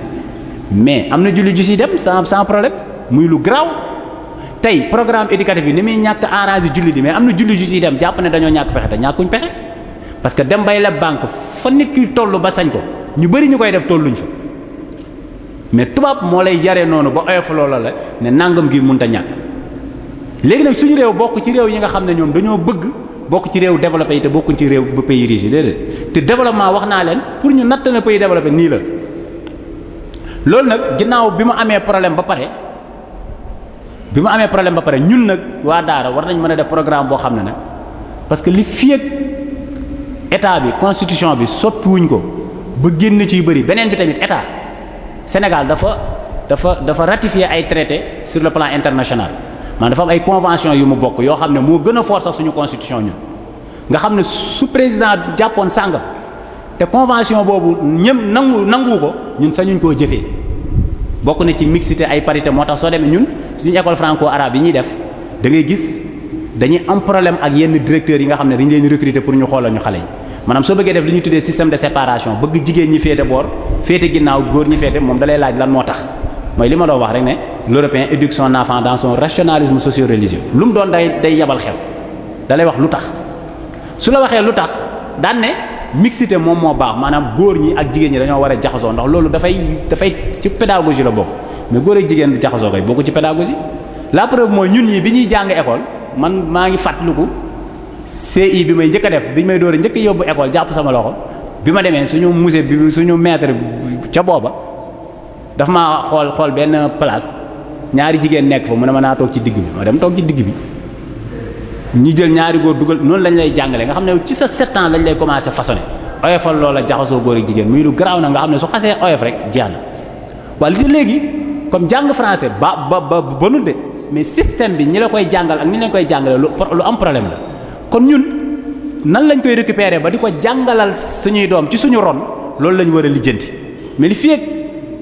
mais am na jullit ju ci dem sans sans problème muy lu graw tey programme éducatif bi ni muy ñàkk arrangé julli di mais am na julli ju siy dem jàpp ne dañoo ñàkk pexe te ñàkkuñ pexe parce que dem bay la banque fa nit ki tollu ba sañ ko ñu bëri ñu koy def tolluñ fa mais tubaab moo lay yaree noonu ba oyof loola la ne nangam gi mënut a ñàkk léegi nag suñu réew bokk ci réew yi nga xam ne ñoom dañoo bëgg bokk ci réew développé yi te bokkuñ ci réew ba pays riche yi déedéet te développement wax naa leen pour ñu natt na pays développé nii la loolu nag ginnaaw bi mu amee problème ba pare. bi mu amee problème ba pare ñun nag waa daara war nañ mën a def programme boo xam ne nag parce que li fii ak état bi constitution bi soppiwuñ ko ba génn ci yu bëri beneen bi tamit état Sénégal dafa dafa dafa ratifier ay traité sur le plan international maanaam dafa ay convention yu mu bokk yoo xam ne moo gën a fort sax suñu constitution ñun nga xam ne su président jàppoon sàngam te convention boobu ñëm nangu nangu ko ñun sañuñ koo jëfee bokk na ci mixité ay parité moo tax soo demee ñun suñu école franco arabe yi ñuy def da ngay gis dañuy am problème ak yenn directeurs yi nga xam ne dañu leen recruter pour ñu xoolal ñu xale yi maanaam soo bëggee def li ñu tuddee système de séparation bëgg jigéen ñi féete boor féete ginnaaw góor ñi féete moom dalay laaj lan moo tax mooy li ma doon wax rek ne l'européen éduque son enfant dans son rationalisme socio-religieux lu mu doon day day yabal xel dalay wax lu tax su la waxee lu tax daan ne mixité moom moo baax maanaam góor ñi ak jigéen ñi dañoo war a jaxasoo ndax loolu dafay dafay ci pédagogie la bokk mais góor ak jigéen jaxasoo kay koy bokku ci pédagogie la preuve mooy ñun ñi bi ñuy jàng école man maa ngi fàttaliku CI bi may njëkk def bi may door a njëkk yóbbu école jàpp sama loxo bi ma demee suñu musée bi suñu maître ca booba daf maa xool xool benn place ñaari jigéen nekk fa mu ne ma naa toog ci digg bi ma dem toog ci digg bi ñi jël ñaari góor dugal noonu lañ lay jàngalee nga xam ne ci sa sept ans lañ lay commencer façonner oyofal loola jaxasoo jigéen muy lu garaaw na xam ne su xasee oyof rek comme jàng français ba ba ba bonul de mais système bi ñi la koy jàngal ak ñi lañ koy jàngalee lu lu am problème la kon ñun nan lañ koy récupérer ba di ko jàngalal suñuy doom ci suñu ron loolu lañ war a lijjanti mais li fi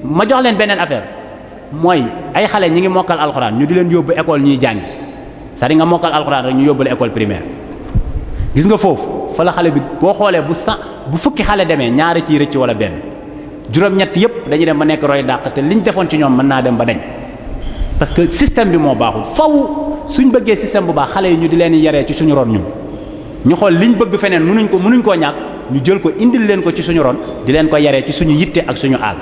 ma jox leen beneen affaire mooy ay xale ñi ngi mokkal alxuraan ñu di leen yóbbu école ñuy jàngi c'est-à-dire nga mokkal alxuraan rek ñu yóbbu la école primaire gis nga foofu fa la xale bi boo xoolee bu sa bu fukki xale demee ñaari ciy rëcc wala benn. juróom-ñett yépp dañuy dem ba nekk roy dàq te liñ defoon ci ñoom mën naa dem ba dañ parce que système bi moo baaxul faw suñ bëggee système bu baax xale yi ñu di leen yare ci suñu ron ñun ñu xool liñ bëgg feneen mënuñ ko mënuñ koo ñàkk ñu jël ko indil leen ko ci suñu ron di leen ko yaree ci suñu yitte ak suñu àll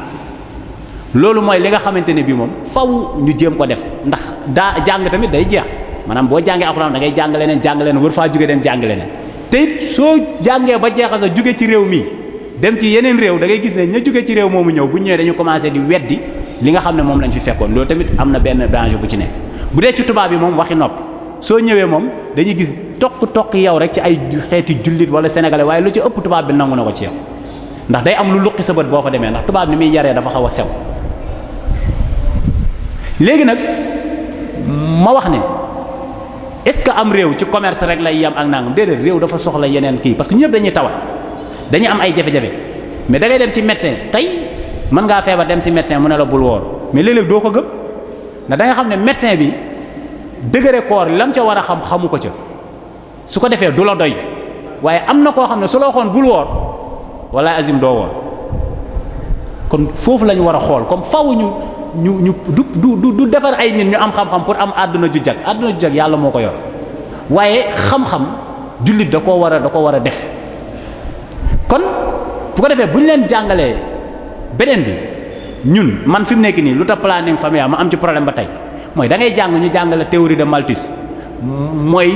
loolu mooy li nga xamante ne bii moom faw ñu jéem ko def ndax daa jàng tamit day jeex maanaam boo jàngee alxuraan da dangay jàng leneen jàng leneen war faa jóge jàng leneen te soo jàngee ba jeexal sa jóge ci réew mi dem ci yeneen réew da ngay gis ne ña jóge ci réew moomu ñëw bu ñëwee dañu commencé di weddi li nga xam ne moom lañ fi fekkoon loolu tamit am na benn danger bu ci ne bu dee ci tubaab bi moom waxi nopp soo ñëwee moom dañuy gis tokk tokk yow rek ci ay xeeti jullit wala sénégalais waaye lu ci ëpp tubaab bi nangu na ko ci yow ndax day am lu luqi sa boo fa demee ndax tubaab ni muy yaree dafa xaw a sew léegi nag ma wax ne est-ce am réew ci commerce rek lay yem ak nangam déedéet réew dafa soxla yeneen kii parce que ñëpp dañuy tawat dañu am ay jafe-jafe mais dangay dem ci médecin tey mën ngaa feebar dem ci médecin mu ne la bul woor mais léeg-léeg doo ko gëm ndax da xam ne médecin bi dëgëre koor lam ca war a xam xamu ko ca su ko defee du la doy waaye am na koo xam ne su la waxoon bul woor wala azim doo woor kon foofu lañu war a xool comme faw ñu ñu ñu du du du defar ay nit ñu am xam-xam pour am àdduna ju jag àdduna ju jag yàlla moo ko yor waaye xam-xam jullit da koo war a da koo war a def. kon bu ko defee bu ñu leen jàngalee beneen bi ñun man fi mu nekk nii lu tax planning am am ci problème ba tey mooy da ngay jàng ñu jàngale théorie de Malthus mooy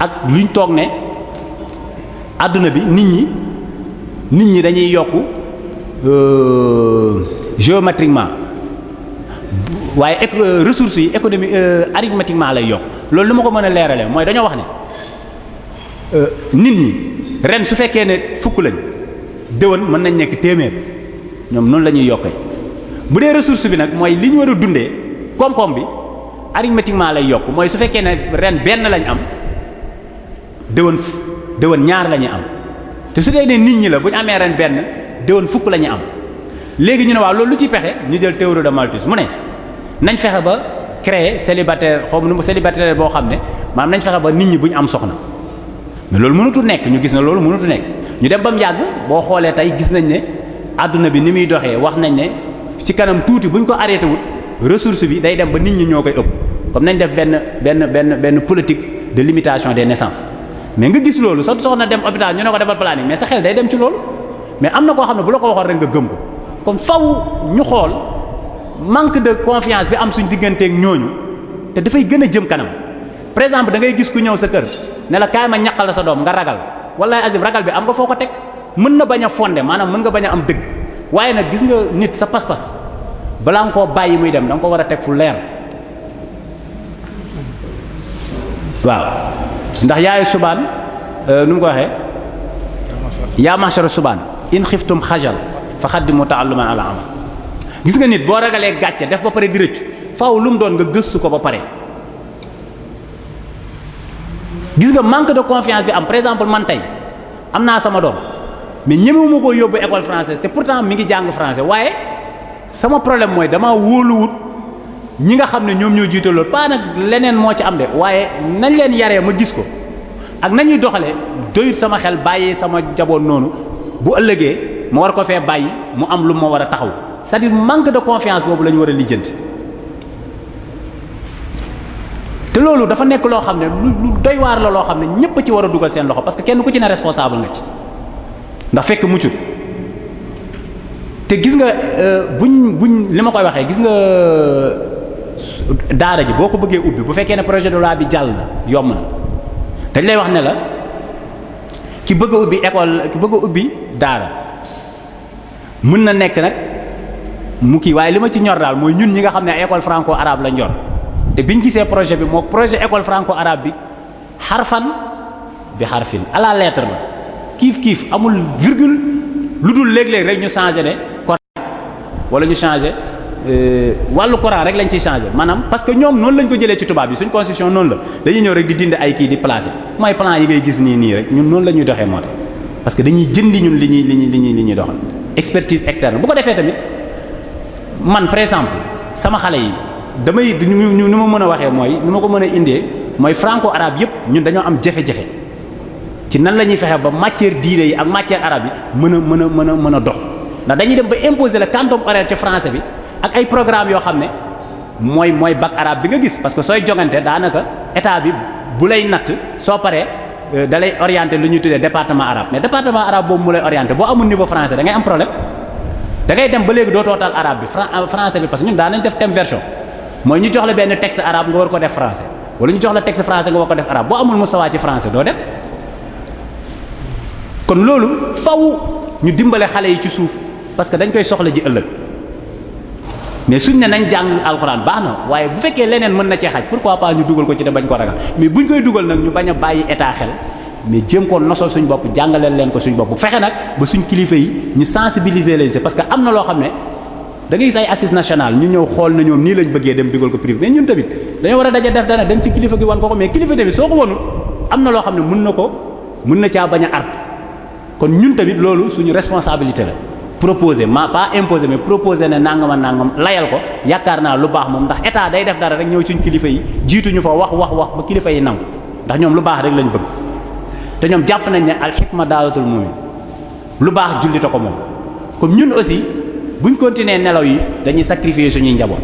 ak luñ toog ne àdduna bi nit ñi nit ñi dañuy yokku euh, géométriquement waaye éco euh, ressources yi économie euh, arithmétiquement lay yokk loolu lu ma ko mën a leerale mooy dañoo wax ne nit ñi ren su fekkee ne fukk lañ. déwén mën nañ nekk téeméer ñoom noonu la ñuy yokkee bu dee ressource bi nag mooy li ñu war a dundee koom-koom bi arithmétiquement lay yokk mooy su fekkee ne ren benn lañ am déwén déwén ñaar la ñuy am te su dee ne nit ñi la bu ñu amee ren benn déwén fukk la ñuy am léegi ñu ne waaw loolu lu ci pexe ñu jël théorie de Malthus mu ne nañ fexe ba créer célibataire xaw ma nu mu célibataire boo xam ne maanaam nañ fexe ba nit ñi bu ñu am soxna. mais loolu mënatu nekk ñu gis na loolu mënutu nekk ñu dem ba mu yàgg boo xoolee tey gis nañ ne àdduna bi ni muy doxee wax nañ ne ci kanam tuuti buñ ko arrêté wul ressource bi day dem ba nit ñi ñoo koy ëpp comme nañ def benn benn benn benn politique de limitation de nessance mais nga gis loolu sa soxna dem hôpital ñu ne ko defal planning mais sa xel day dem ci loolu mais am na koo xam ne bu la ko waxoon rek nga gëm ko kon faw ñu xool manque de confiance bi am suñ digganteeg ñooñu te dafay gën a jëm kanam par exemple da gis ku ñëw sa kër. ne la kaay ma ñaqal la sa doom nga ragal wallaay azim ragal bi am nga foo ko teg mën na bañ a fondé maanaam mën nga bañ a am dëgg waaye nag gis nga nit sa pas-pas balaa nga koo bàyyi muy dem da nga war a teg fu leer waaw ndax yaayu subaan euh, nu mu ko waxee yaa machara subaan in xiftum xajal fa man taalluman ala am gis nga nit boo ragalee gàcce def ba pare di rëccu faaw lu mu doon nga gëstu ko ba pare gis nga manque de confiance bi am par exemple man tey am naa sama doom mais ñemewuma koo yóbbu école française te pourtant mu ngi jàng français waaye sama problème mooy dama wóoluwut ñi nga xam ne ñoom ñoo jiitaloo loolu pas nag leneen moo ci am de waaye nañ leen yaree ma gis ko ak nañuy doxalee doyut sama xel bàyyi sama jaboon noonu bu ëllëgee ma war ko fee bàyyi mu am lu ma war a taxaw c'est-à-dire manque de confiance boobu la ñu war a lijjanti. te loolu dafa nekk loo xam ne lu la loo xam ne ñépp ci war a dugal seen loxo parce que kenn ku ci ne responsable nga ci ndax fekk muccul te gis nga euh, buñ buñ li ma koy waxee gis nga daara ji boo ko bëggee ubbi bu fekkee ne projet de loi bi jàll na yomb na dañ lay wax ne la ki bëgg ubbi école ki bëgg ubbi daara mën na nekk nag mu kii waaye li ma ci ñor daal mooy ñun ñi nga xam ne école franco arabe la ñor. te bi biñ gisee projet bi moo projet école franco arabe bi xarfan bi xarfin à la lettre la kiif kiif amul virgule lu dul léeg-léeg rek ñu changé ne coran wala ñu changé euh, wàllu coran rek lañ ciy changé maanaam parce que ñoom noonu lañ ko jëlee ci tubaab bi suñ constitution noonu la dañuy ñëw rek di dind ay kii di placer mooy plan yi gis nii nii rek ñun noonu lañuy doxee moo tax parce que dañuy jëndi ñun li ñuy li ñuy li ñuy li ñuy doxal expertise externe bu ko defee man par sama xale yi. damay ñu nu ma mën a waxee mooy ni ma ko mën a indee mooy franco arabe yépp ñun dañoo am jafe-jafe ci nan la ñuy fexe ba matière diine yi ak matière arabe yi mën a mën a mën a mën a dox ndax dañuy dem ba imposer la quantum horaire ci français bi ak ay programme yoo xam ne mooy mooy bac arabe bi nga gis parce que sooy jongante daanaka état bi bu lay natt soo paree euh, da lay orienté lu ñuy tuddee département arabe mais département arabe boobu mu lay orienté boo amul am problème da ngay dem ba tootal arabe bi euh, français bi parce que def thème mooy ñu jox la benn texte araab nga war ko def français wala ñu jox la texte français nga war ko def arabe boo amul mustawa ci français doo dem kon loolu faw ñu dimbale xale yi ci suuf parce que dañ koy soxla ji ëllëg mais suñ ne nañ jàng alxuraan baax na waaye bu fekkee leneen mën na cee xaj pourquoi pas ñu dugal ko ci te bañ ko ragal mais buñ koy dugal nag ñu bañ a bàyyi état xel mais jéem ko nosoo suñ bopp jàngaleel leen ko suñ bopp fexe nag ba suñ kilifa yi ñu sensibiliser leen parce que am na loo xam ne da ngay gis ay assises nationales ñu ñëw xool na ñoom nii lañ bëggee dem dugal ko privé mais ñun tamit dañoo war a daje def dana dem ci kilifa gi wan ko ko mais kilifa tamit soo ko wanul am na loo xam ne mun na ko mun na caa bañ a art kon ñun tamit loolu suñu responsabilité la proposer ma pas imposer mais proposer ne nangam a nangam layal ko yaakaar naa lu baax moom ndax état day def dara rek ñëw suñ kilifa yi jiituñu fa wax wax wax ba kilifa yi nangu ndax ñoom lu baax rek lañ bëgg te ñoom jàpp nañ ne al xikma daalatul mu'min lu baax jullite ko moom buñ continuer nelaw yi dañuy sacrifier suñuy njaboot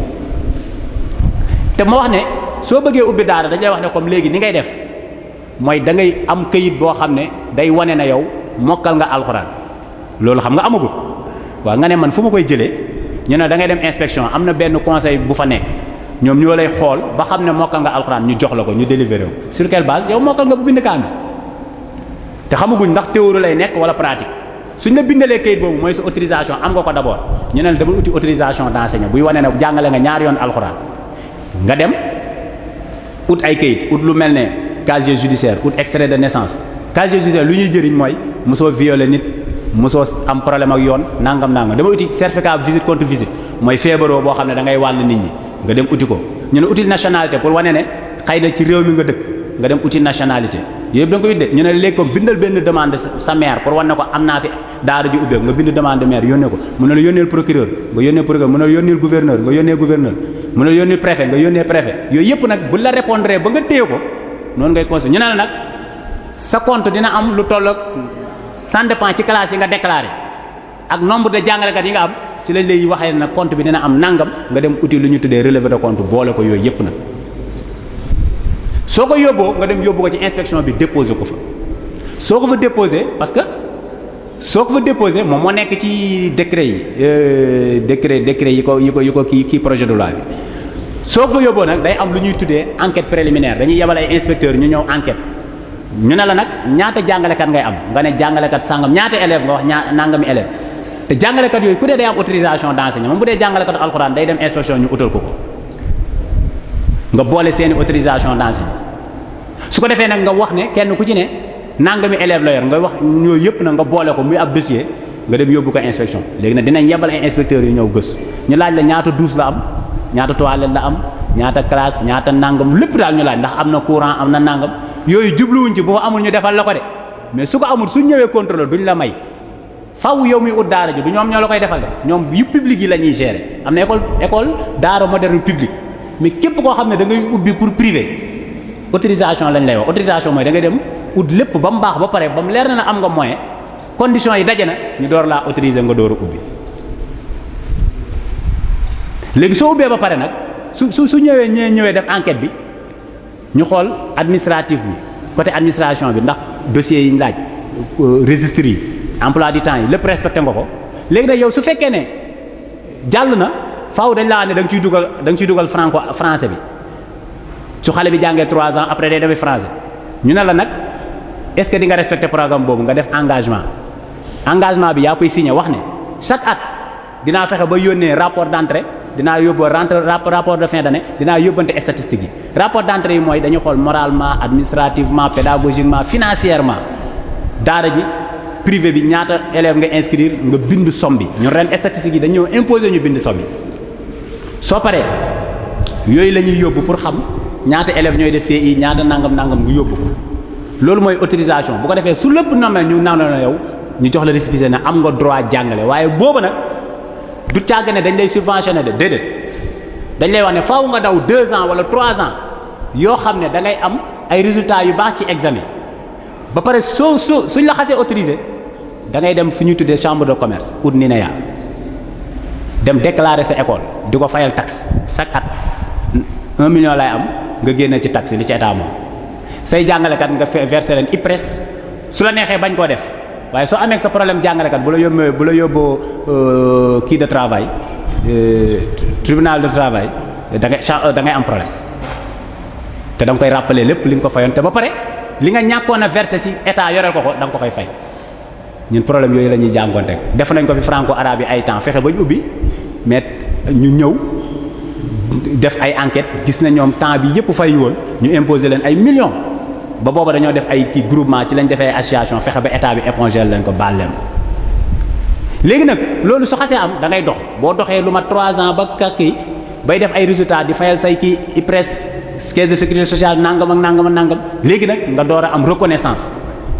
te moo wax ne soo bëggee ubbi daara dañ lay wax ne comme léegi ni ngay def mooy dangay am këyit boo xam ne day wane na yow mokkal nga alxuraan loolu xam nga amagut waaw nga ne man fu ma koy jëlee ñu ne dangay dem inspection am na benn conseil bu fa nekk ñoom ñoo lay xool ba xam ne mokkal nga alxuraan ñu jox la ko ñu délivrer wu sur quelle base yow mokkal nga bu bind kaamil te xamaguñ ndax théorie lay nekk wala pratique. suñ la bindalee kayit boobu mooy sa autorisation am nga ko d'abord ñu ne la demal uti autorisation d'enseigner buy wane ne jàngale nga ñaari yoon alxuraan nga dem ut ay kayit ut lu mel ne casier judiciaire ut extrait de naissance casier judiciaire lu ñuy jëriñ mooy mosoo violer nit mosoo am problème ak yoon nangam nangam dama uti certificat visite contre visite mooy feebaroo boo xam ne dangay wàll nit ñi nga dem uti ko ñu ne uti nationalité pour wane ne xëy na ci réew mi nga dëkk nga dem uti nationalité. yëpp da nga koy de ñu ne léegi ko bindal benn demande sa maire pour wan ne ko am naa fi daara ji ubbeeku nga bind demande maire yónnee ko mu ne la yónneel procureur nga yónnee procureur mu ne la yónneel gouverneur nga yónnee gouverneur mu ne la yónneel préfet nga yónnee préfet yooyu yëpp nag bu la répondre ba nga téye ko noonu ngay conseil ñu ne la nag sa compte dina am lu toll ak ça dépend ci classe yi nga déclaré ak nombre de jàngalekat yi nga am ci lañ lay waxee nag compte bi dina am nangam nga dem outil lu ñu tuddee relevé de boole ko yooyu yëpp nag soo ko yóbboo nga dem yóbbu ko ci inspection bi déposé ko fa soo ko fa déposé parce que soo ko fa déposé moom moo nekk ci décret yi euh, décret décret yi ko yi ko yi ko kii kii projet de loi soo ko fa yóbboo nag am lu ñuy tuddee enquête préliminaire dañuy yebal ay inspecteurs ñu ñëw enquête ñu ne la nag ñaata jàngalekat ngay am nga ne jàngalekat sàngam ñaata élèves ñaa nangami élèves te jàngalekat yooyu ku dee day am autorisation d'enseignement moom bu dee jàngalekatu alxuraan day dem inspection ñu utal ko ko. nga boole seeni autorisation d'enseigner su ko defee nag nga wax ne kenn ku ci ne nangami élève la yor nga wax ñoo yëpp na nga boole ko muy ab dossier nga dem yóbbu ko inspection léegi nag dinañ yebal a inspecteurs yu ñëw gëstu ñu laaj la ñaata douche la am ñaata toilette la am ñaata classe ñaata nangam lépp daal ñu laaj ndax am na courant am na nangam yooyu jubluwuñ ci bu amul ñu defal la ko de mais su ko amul suñ ñëwee contrôle duñ la may faw yow muy ut daara ji du ñoom ñoo la koy defal de ñoom yu public yi la ñuy gérer am na école école daara moderne publique mais képp koo xam ne da ngay ubbi pour privé autorisation lañ lay wax autorisation mooy da ngay dem ut lépp ba mu baax ba pare ba mu leer na ne am nga moyen condition yi daje na ñu door laa autoriser nga door a ubbi léegi soo ubbee ba pare nag su su su ñëwee ñëwee def enquête bi ñu xool administratif bi côté administration bi ndax dossier yi ñu laaj euh, registre yi emploi du temps yi lépp respecté nga ko léegi nag yow su fekkee ne jàll na. faaw dañ laa ne da nga ciy dugal da nga ciy dugal franco français bi su xale bi jàngee 3 ans après day dem français ñu ne la nag est-ce que di nga respecter programme boobu nga def engagement engagement bi yaa koy signé wax ne chaque at dinaa fexe ba yónnee rapport d'entrée dinaa yóbbu rentre rapport de fin d'année dinaa yóbbante statistiques yi rapport d'entrée yi mooy dañu xool moralement administrativement pédagogiquement financièrement daara ji privé bi ñaata élèves nga inscrire nga bind somme bi ñun ren statistiques yi dañu ñëw ñu bind somme bi soo paree yooyu la ñuy yóbbu pour xam ñaata élèves ñooy def CI ñaata nangam nangam ñu yóbbu ko loolu mooy autorisation bu ko defee su lépp na ñu naan na yow ñu jox la récépissé na am nga droit jàngale waaye boobu nag du càgg ne dañ lay subventionné de déedéet dañ lay wax ne faw nga daw deux ans wala trois ans yoo xam ne da ngay am ay résultats yu baax ci examen ba pare soo su suñ la xasee autorisé da ngay dem fu ñu tuddee chambre de commerce ut ni na dem déclarer sa école di ko fayal taxe chaque at un million lay am nga génne ci taxe li ci état moom say jàngalekat nga verser leen IPRES su la neexee bañ koo def waaye soo amee sa problème jàngalekat bu la yóbbee bu la yóbboo euh, kii de travail euh, tribunal de travail da ngay da ngay am problème te da koy rappeler lépp li nga ko fayoon te ba pare li nga ñàkkoon a verser si état yoreel ko ko da nga koy fay. ñun problème yooyu la ñuy jàngonte def nañ ko fi franco arabe yi ay temps fexe ba ñu ubbi mais ñu ñëw def ay enquête gis na ñoom temps bi yëpp fay woon ñu imposer leen ay millions ba booba dañoo def ay kii groupement ci lañ defee association fexe ba état bi éponger lañ ko baal leen léegi nag loolu su xasee am da ngay dox boo doxee lu ma trois ans ba kàkk bay def ay résultat di fayal say kii IPRES caisse de sécurité sociale nangam ak nangam ak nangam léegi nag nga door a am reconnaissance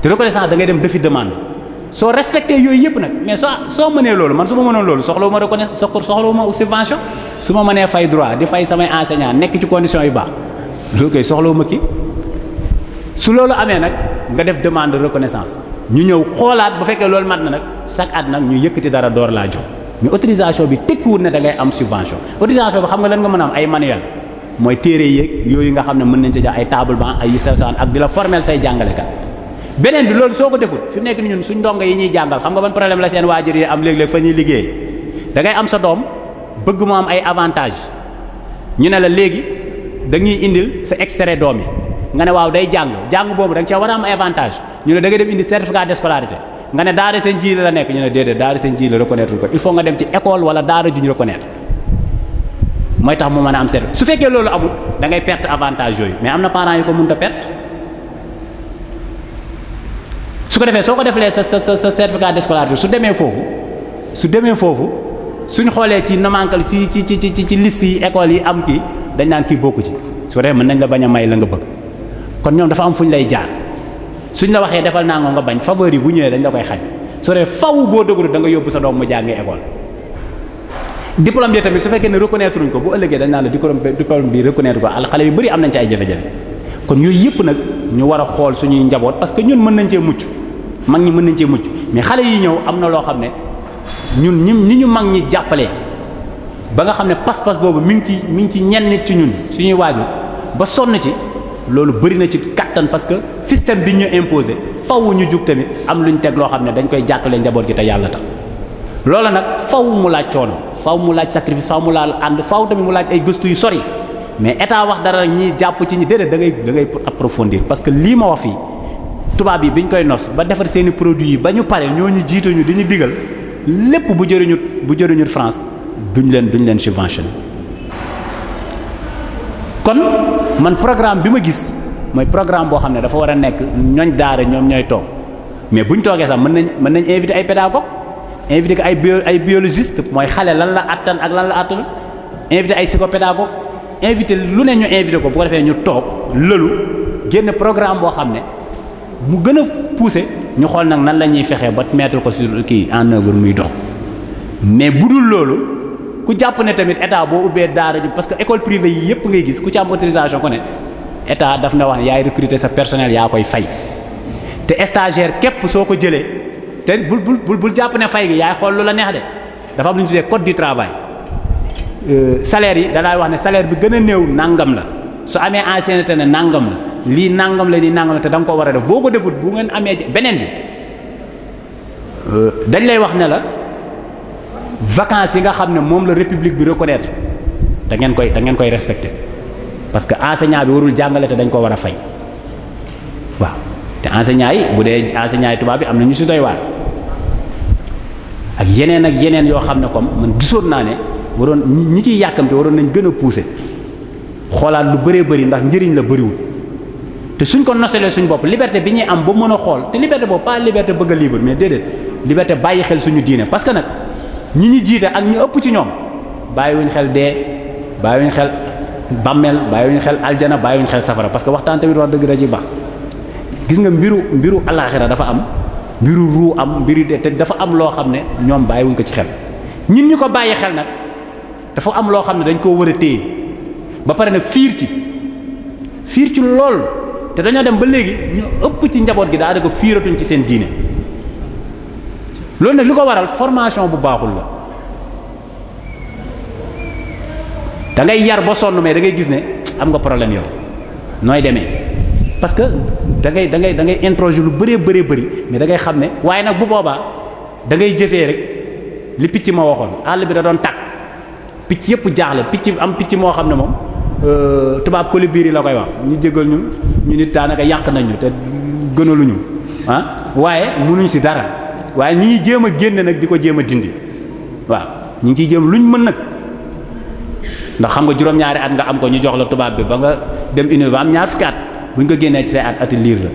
te reconnaissance da ngay dem defi demande. soo respecté yooyu yëpp nag mais soo soo mënee loolu man su ma mënoon loolu soxlawu ma reconnaissance soxlawu ma subvention su ma mënee fay droit di fay samay enseignant nekk ci condition yi baax loolu koy soxlawu ma kii su loolu amee nag nga def demande de reconnaissance ñu ñëw xoolaat bu fekkee loolu mat na nag chaque at nag ñu yëkkati dara door laa jox ñu autorisation bi tekkiwul ne da ngay am subvention autorisation bi xam nga lan nga mën a am ay manuel mooy téere yeeg yooyu nga xam ne mën nañ sa jox ay table banc ay yu sew ak di la formel say jàngalekat beneen bi loolu soo ko deful su mu nekk ni ñun suñ ndongo yi ñuy jàngal xam nga ban problème la seen waajur yi am léeg-léeg fa ñuy liggéey da ngay am sa doom bëgg mu am ay avantage ñu ne la léegi dañuy indil sa extrait doom yi nga ne waaw day jàng jàng boobu da nga cee a am avantage ñu ne da ngay dem indi certificat de scolarité nga ne daara seen ji la nekk ñu ne déedéet daara seen ji la reconnaître ko il faut nga dem ci école wala daara ju ñu reconnaître mooy tax mu mën a am certificat su fekkee loolu amul da ngay perte avantage yooyu mais am na parents ko mënut a su ko defee soo ko defalee sa sa sa certificat de scolarité su demee foofu su demee foofu suñu xoolee ci nomankal ci ci ci ci ci liste yi école yi am kii dañ naan kii bokku ci su ko mën nañ la bañ a may la nga bëgg kon ñoom dafa am fu ñu lay jaar suñ la waxee defal naa nga bañ faveur yi bu ñëwee dañ la koy xañ su ko defee faw boo dëgëru da nga yóbbu sa doom mu jàngee école diplôme bi tamit su fekkee ne reconnaître uñ ko bu ëllëgee dañ naan la diplôme diplôme bi reconnaître ko al xale yu bëri am nañ ay jafe-jafe kon yëpp nag ñu war a xool suñuy njaboot parce que ñun mën nañ cee mucc mag ñi mën nañ cee mucc mais xale yi ñëw am na loo xam ne ñun ñu ni ñu mag ñi jàppalee ba nga xam ne pas-pas boobu mi ngi ci mi ngi ci ñenn nit ci ñun suñuy waajur ba sonn ci loolu bëri na ci kattan parce que système bi ñu imposé faw ñu jug tamit am lu luñ teg loo xam ne dañ koy jàppale njaboot ji te yàlla tax loola nag faw mu laaj coono faw mu laaj sacrifice faw mu laaj ànd faw tamit mu laaj ay gëstu yu sori mais état wax dara ñi jàpp ci ñi déedéet da ngay da ngay approfondir parce que lii ma wax fii tubaab yi bi ñu koy nos ba defar seeni produit yi ba ñu pare ñooñu jiitu ñu di ñu digal lépp bu jëriñut bu jëriñut France duñ leen duñ leen subventionné kon man programme bi ma gis mooy programme boo xam ne dafa war a nekk ñooñ daara ñoom ñooy toog mais buñ toogee sax mën nañ mën nañ invité ay pédagogue invité ko ay bio ay biologiste mooy xale lan la attan ak lan la attan invité ay psychopédagogue invité lu ne ñu invité ko bu ko defee ñu toog lëlu génn programme boo xam ne. mu gën a poussé ñu xool nag nan la ñuy fexee ba mettre ko sur kii en œuvre muy dox mais bu dul loolu ku jàpp ne tamit état boo ubbee daara ji parce que école privée yi yépp ngay gis ku ci am autorisation ko ne état daf na wax ne yaay recruter sa personnel yaa koy fay te stagiaire képp soo ko jëlee te bul bul bul jàpp ne fay gi yaay xool lu la neex de dafa am lu ñu tuddee code du travail euh, salaire yi danaay wax ne salaire bi gën a néew nàngam la su amee ancienneté ne nangam lii nangam la lii nangam la te da nga ko war a def boo ko defut bu ngeen amee beneen bi euh, dañ lay wax ne la vacances yi nga xam ne moom la république bi reconnaître da ngeen koy da ngeen koy respecter parce que enseignant bi warul jàngale te dañ ko war a fay waaw te enseignant yi bu dee enseignant yi tubaab bi am na ñu si doy waa ak yeneen ak yeneen yoo xam ne comme man gisoon naa ne waroon ñi ñi ciy yàkkamte waroon nañ gën a pousser xoolaat lu bëree bari ndax njëriñ la bëriwul. te suñ ko noselee suñ bopp liberté bi ñuy am ba mën a xool te liberté boobu pas liberté bëgg a libre mais déedéet liberté bàyyi xel suñu diine parce que nag ñi ñu jiite ak ñu ëpp ci ñoom wuñ xel dee bàyyiwuñ xel bàmmeel bàyyiwuñ xel aljana wuñ xel safara parce que waxtaan tamit wax dëgg da ci gis nga mbiru mbiru alaxira dafa am mbiru ruu am mbiru dee te dafa am loo xam ne ñoom bàyyiwuñ ko ci xel ñun ñu ko bàyyi xel nag dafa am loo xam ne dañ koo war a téye ba pare nag fiir ci fiir lool te dañoo dem ba léegi ñu ëpp ci njaboot gi ko fiiratuñ ci seen diine loolu nag li ko waral formation bu baaxul la da ngay yar ba sonn mais da ngay gis ne am nga problème yow nooy demee parce que dangay ngay da ngay da lu bëree bëree bari mais da ngay xam ne waaye nag bu boobaa da ngay jëfee rek li picc ma waxoon àll bi da doon tàkk picc yëpp jaaxle picc am picc moo xam ne moom. Euh, tubaab biir yi la koy wax ñu jégal ñu ñu nit daanaka yàq nañu te gënaluñu ah. waaye mënuñ si dara waaye ñu ngi jéem a génne nag di ko jéem a dindi waaw ñu ngi ciy jéem luñ mën nag ndax xam nga juróom-ñaari at nga am ko ñu jox la tubaab bi ba nga dem uni ba am ñaar fukki at buñ ko génnee ci say at ati liir la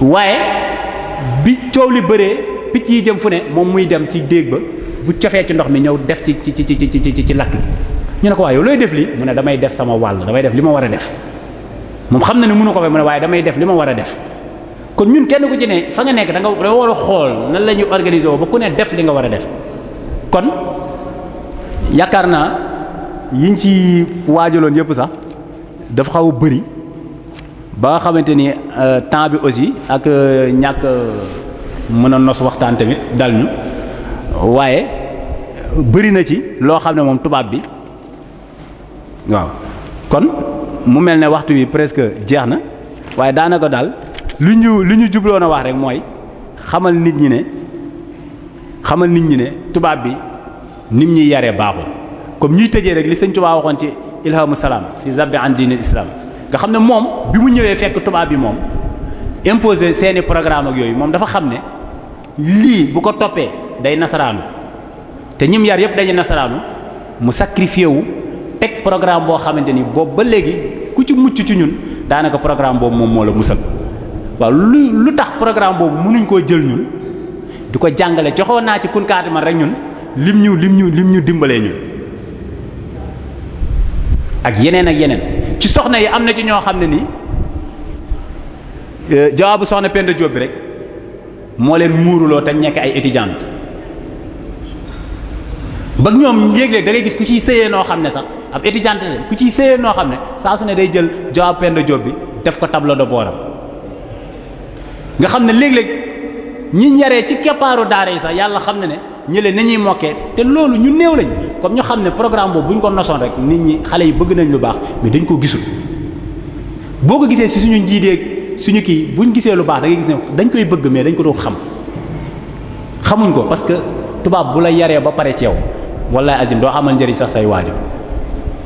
waaye bi coow li bëree picc yi jëm fu ne moom muy dem ci déeg ba bu cofee ci ndox mi ñëw def ci ci ci ci ci ci lakk gi ñu ne looy def li mu ne damay def sama wàll damay def li ma war a def moom xam na ne mënu ko fa mu ne waaye damay def li ma war a def kon ñun kenn ku ci ne fa nga nekk danga nga war a xool nan la ñu organiser woo ba ku ne def li nga war a def kon yaakaar naa yiñ ci waajaloon yëpp sax dafa xaw a bëri ba nga xamante ni euh, temps bi aussi ak euh, ñàkk euh, mën a nos waxtaan tamit dal ñu waaye bëri na ci loo xam ne moom tubaab bi waaw kon mu mel ne waxtu wi presque jeex na waaye daanaka daal lu ñu lu ñu jubloon a wax rek mooy xamal nit ñi ne xamal nit ñi ne tubaab bi nit ñuy yaree baaxul comme ñuy tëjee rek li sëñ Tuubaa waxoon ci ilhamu salaam fi zabbi an diinil islam nga xam ne moom bi mu ñëwee fekk tubaab bi moom imposé seeni programme yooyu moom dafa xam ne lii bu ko toppee day nasaraanu te ñim yar yëpp dañuy nasaraanu mu sacrifié wu. teg programme boo xamante ni boobu ba léegi ku ci mucc ci ñun daanaka programme boobu moom moo la musal waaw lu lu tax programme boobu mënuñ koo jël ñun du ko jàngale joxoon naa ci kunkaati man rek ñun lim ñu lim ñu lim ñu dimbalee ñun ak yeneen ak yeneen ci soxna yi am na ci ñoo xam ne nii euh, jawaabu soxna Penda Diop bi rek moo leen muuruloo te nekk ay étudiante ba ñoom léeg-léeg da gis ku ciy sëyee noo xam ne sax ab leen ku ci séyee noo xam ne saa su ne day jël jawaab Penda Diop bi def ko tableau de bord am nga xam ne léeg-léeg ñi yaree ci keppaaru daara yi sax yàlla xam ne ne ñële nañuy mokkee te loolu ñu néew lañ comme ñu xam ne programme boobu bu ñu ko nosoon rek nit ñi xale yi bëgg nañ lu baax mais dañ ko gisul boo ko gisee si suñu njiiteeg suñu kii buñ gisee lu baax da ngay gis ne dañ koy bëgg mais dañ ko doon xam xamuñ ko parce que tubaab bu la yaree ba pare ci yow wallaay azim doo njëriñ sax say waajur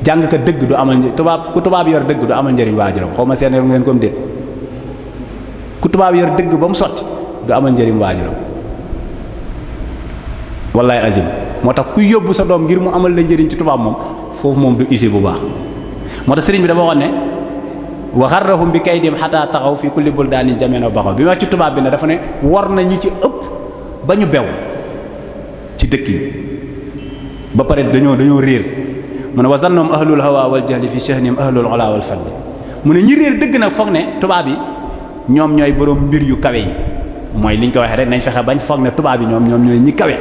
jàngkat dëgg du amal tubaab ku tubaab yor dëgg du amal njëriñ waajuram xaw ma seen yor ngeen ko mu ku tubaab yor dëgg ba mu sotti du amal njëriñ waajuram wallaay azim moo tax kuy yóbbu sa doom ngir mu amal la njëriñ ci tubaab moom foofu moom du usé bu baax moo tax sëriñ bi dafa waxoon ne wa xarrahum bi kaydim xataa taxaw fi kulli buldaanin jameno baxaw bi ma ci tubaab bi ne dafa ne war nañu ci ëpp ba ñu bew ci dëkk yi ba pare dañoo dañoo réer mu ne wa zannahum ahlul hawa wal jahli fi shahnihim ahlul ula wal fadli mu ne ñi réer dëgg nag foog ne tubaab yi ñoom ñooy borom mbir yu kawe yi mooy liñ ko waxee rek nañ fexe bañ foog ne tubaab yi ñoom ñoom ñooy ñi kawe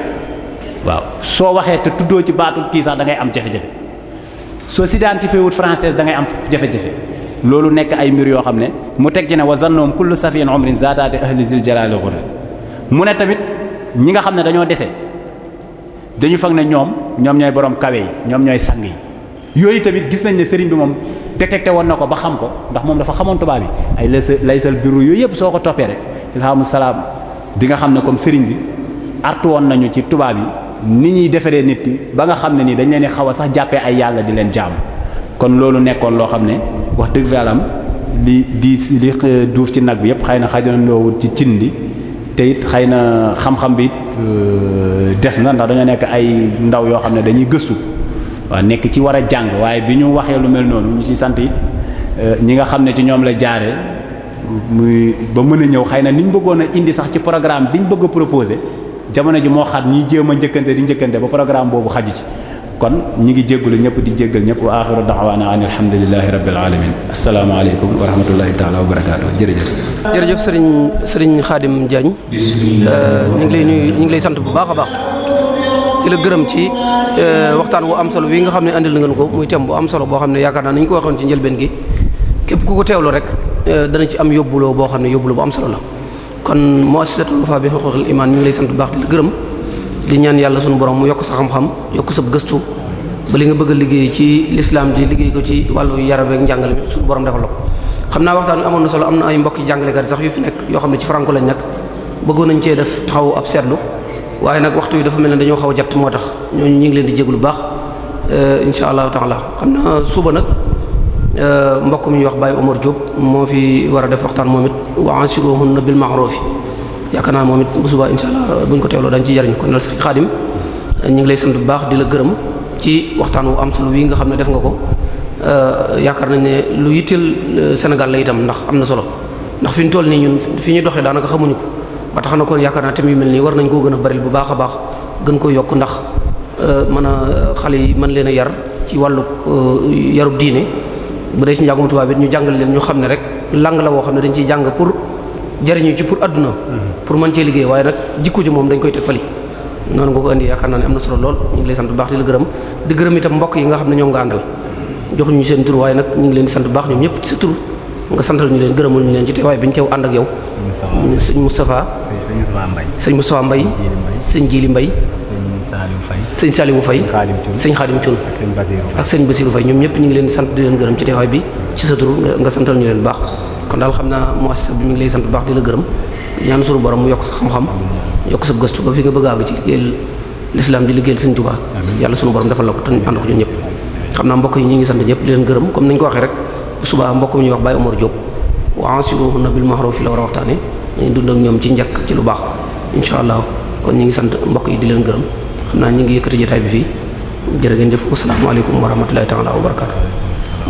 waaw soo waxee te tuddoo ci baatul kii sax da ngay am jafe-jafe soo s'identifié wut française da ngay am jafe-jafe loolu nekk ay mbir yoo xam ne mu teg ci ne wa zannahum kullu safiin umrin zaataati ahli zil jalaali ghurri mu ne tamit ñi nga xam ne dañoo dese dañu fag ne ñoom ñoom ñooy borom kawe yi ñoom ñooy sang yi yooyu tamit gis nañ ne sëriñ bi moom détecté woon na ko ba xam ko ndax moom dafa xamoon tubaab yi ay laysal biru yooyu yëpp soo ko toppee rek ci alhamdu salaam di nga xam ne comme sëriñ bi artu woon nañu ci tubaab yi ni ñuy defaree nit ki ba nga xam ne nii dañu leen di xaw a sax jàppee ay yàlla di leen jaamu kon loolu nekkoon loo xam ne wax dëgg fa yàlla am li di li duuf ci nag yëpp xëy na xajoon loowul ci cin li te it xëy na xam-xam bi it euh, des na ndax dañoo nekk ay ndaw yoo xam ne dañuy gëstu waa nekk ci war a jàng waaye bi ñu waxee lu mel noonu ñu ci sant it euh, ñi nga xam ne ci ñoom la jaare muy ba mën a ñëw xëy na ni ñu bëggoon a indi sax ci programme bi ñu bëgg a jamono ji moo xat ñiy jéem a njëkkante di njëkkante ba programme boobu xaju ci kon ñu ngi jéggulu ñëpp di jéggal ñëpp wa axiru da'wana an alhamdulillahi rabbil alamin asalaamaaleykum wa rahmatullahi taala wa barakaatu jërëjëf jërëjëf sëriñ sëriñ Xaadim Diagne euh, ñu ngi lay nuyu ñu ngi lay sant bu baax a baax di la gërëm ci euh, waxtaan wu am solo wi nga xam ne la ngeen ko muy thème bu am solo boo xam ne yaakaar naa nañu ko waxoon ci njëlbeen gi képp ku ko teewlu rek euh, dana ci am yóbbuloo boo xam ne yóbbuloo bu am solo la kon muassasatul Wafa bi xuquuqil iman mi ngi lay sant bu baax gërëm di ñaan yàlla sunu borom mu yokk sa xam-xam yokk sa gëstu ba li nga bëgg liggéey ci lislaam di liggéey ko ci wàllu yarab ak njàngale mi sunu borom defal la ko. xam naa waxtaan wi amoon na solo am na ay mbokki jàngalekat sax yu fi nekk yoo xam ne ci franco lañ nekk bëggoon nañ cee def taxaw ab seetlu waaye nag waxtu wi dafa mel ne dañoo xaw a jatt moo tax ñooñu ñu ngi leen di jéglu baax euh, insha allahu taala xam naa suba nag euh, mbokk mu ñuy wax Baye Omar moo fi war a def waxtaan moom it wa ansiruhunna bil ma'ruf yaakaar naa moom it bu subaa insha allah uh, buñ ko teewloo dañ ci jariñu kon daal Serigne Khadim uh, ñu ngi lay sant bu baax di la gërëm ci waxtaan wu am solo wii nga xam ne def nga ko uh, yaakaar nañ ne lu yitteel Sénégal la ndax am na solo ndax fi ñu toll nii ñun fi ñu doxee daanaka xamuñu ko ba tax na kon yaakaar naa thème yu mel nii war nañ koo gën a bari bu baax a baax gën ko yokk ndax mën a xale yi mën leen a yar ci wàllu yarub diine bu dee ci njàngum tubaab bi ñu jàngal leen ñu xam ne rek lang la woo xam ne dañ ciy jàng pour jariñu ci pour adduna pour man cee liggéey waaye nag jikko ji moom dañ koy teg fali noonu nga ko indi yaakaar naa ne am na solo lool ñu ngi lay sant bu baax di la gërëm di gërëm itam mbokk yi nga xam ne ñoom nga àndal jox ñu seen tur waaye nag ñu ngi leen di sant bu baax ñoom ñëpp ci sa tur nga ñu leen gërëmal ñu leen ci teewaay bi ñu teew ànd ak yow sëñ Moustapha sëñ Moustapha Mbaye sëñ Jili Mbaye sëñ Saliou Faye sëñ Xaadim Cuun ak sëñ Basiiru Faye ñoom ñëpp ñu ngi leen sant di leen gërëm ci teewaay bi ci sa tur nga santal ñu leen bu baax kon daal xam naa mois bi mi ngi lay sant bu baax di la gërëm ñaan suñu borom mu yokk sa xam-xam yokk sa gëstu ba fi nga bëgg a àgg ci liggéeyal l'islam di liggéeyal sëñ Tuubaa yàlla suñu borom defal la ko te ànd ko ñun ñëpp xam naa mbokk yi ñu ngi sant ñëpp di leen gërëm comme nañ ko waxee rek suba mbokk fi la war a waxtaane dañuy ñoom ci njëkk ci lu baax insha allah kon ñu ngi sant mbokk yi di leen gërëm xam naa ñu ngi yëkkati jotaay bi fii jërë ngeen jëf asalaamaaleykum wa rahmatullahi taala wa barakatu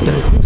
jërëjëf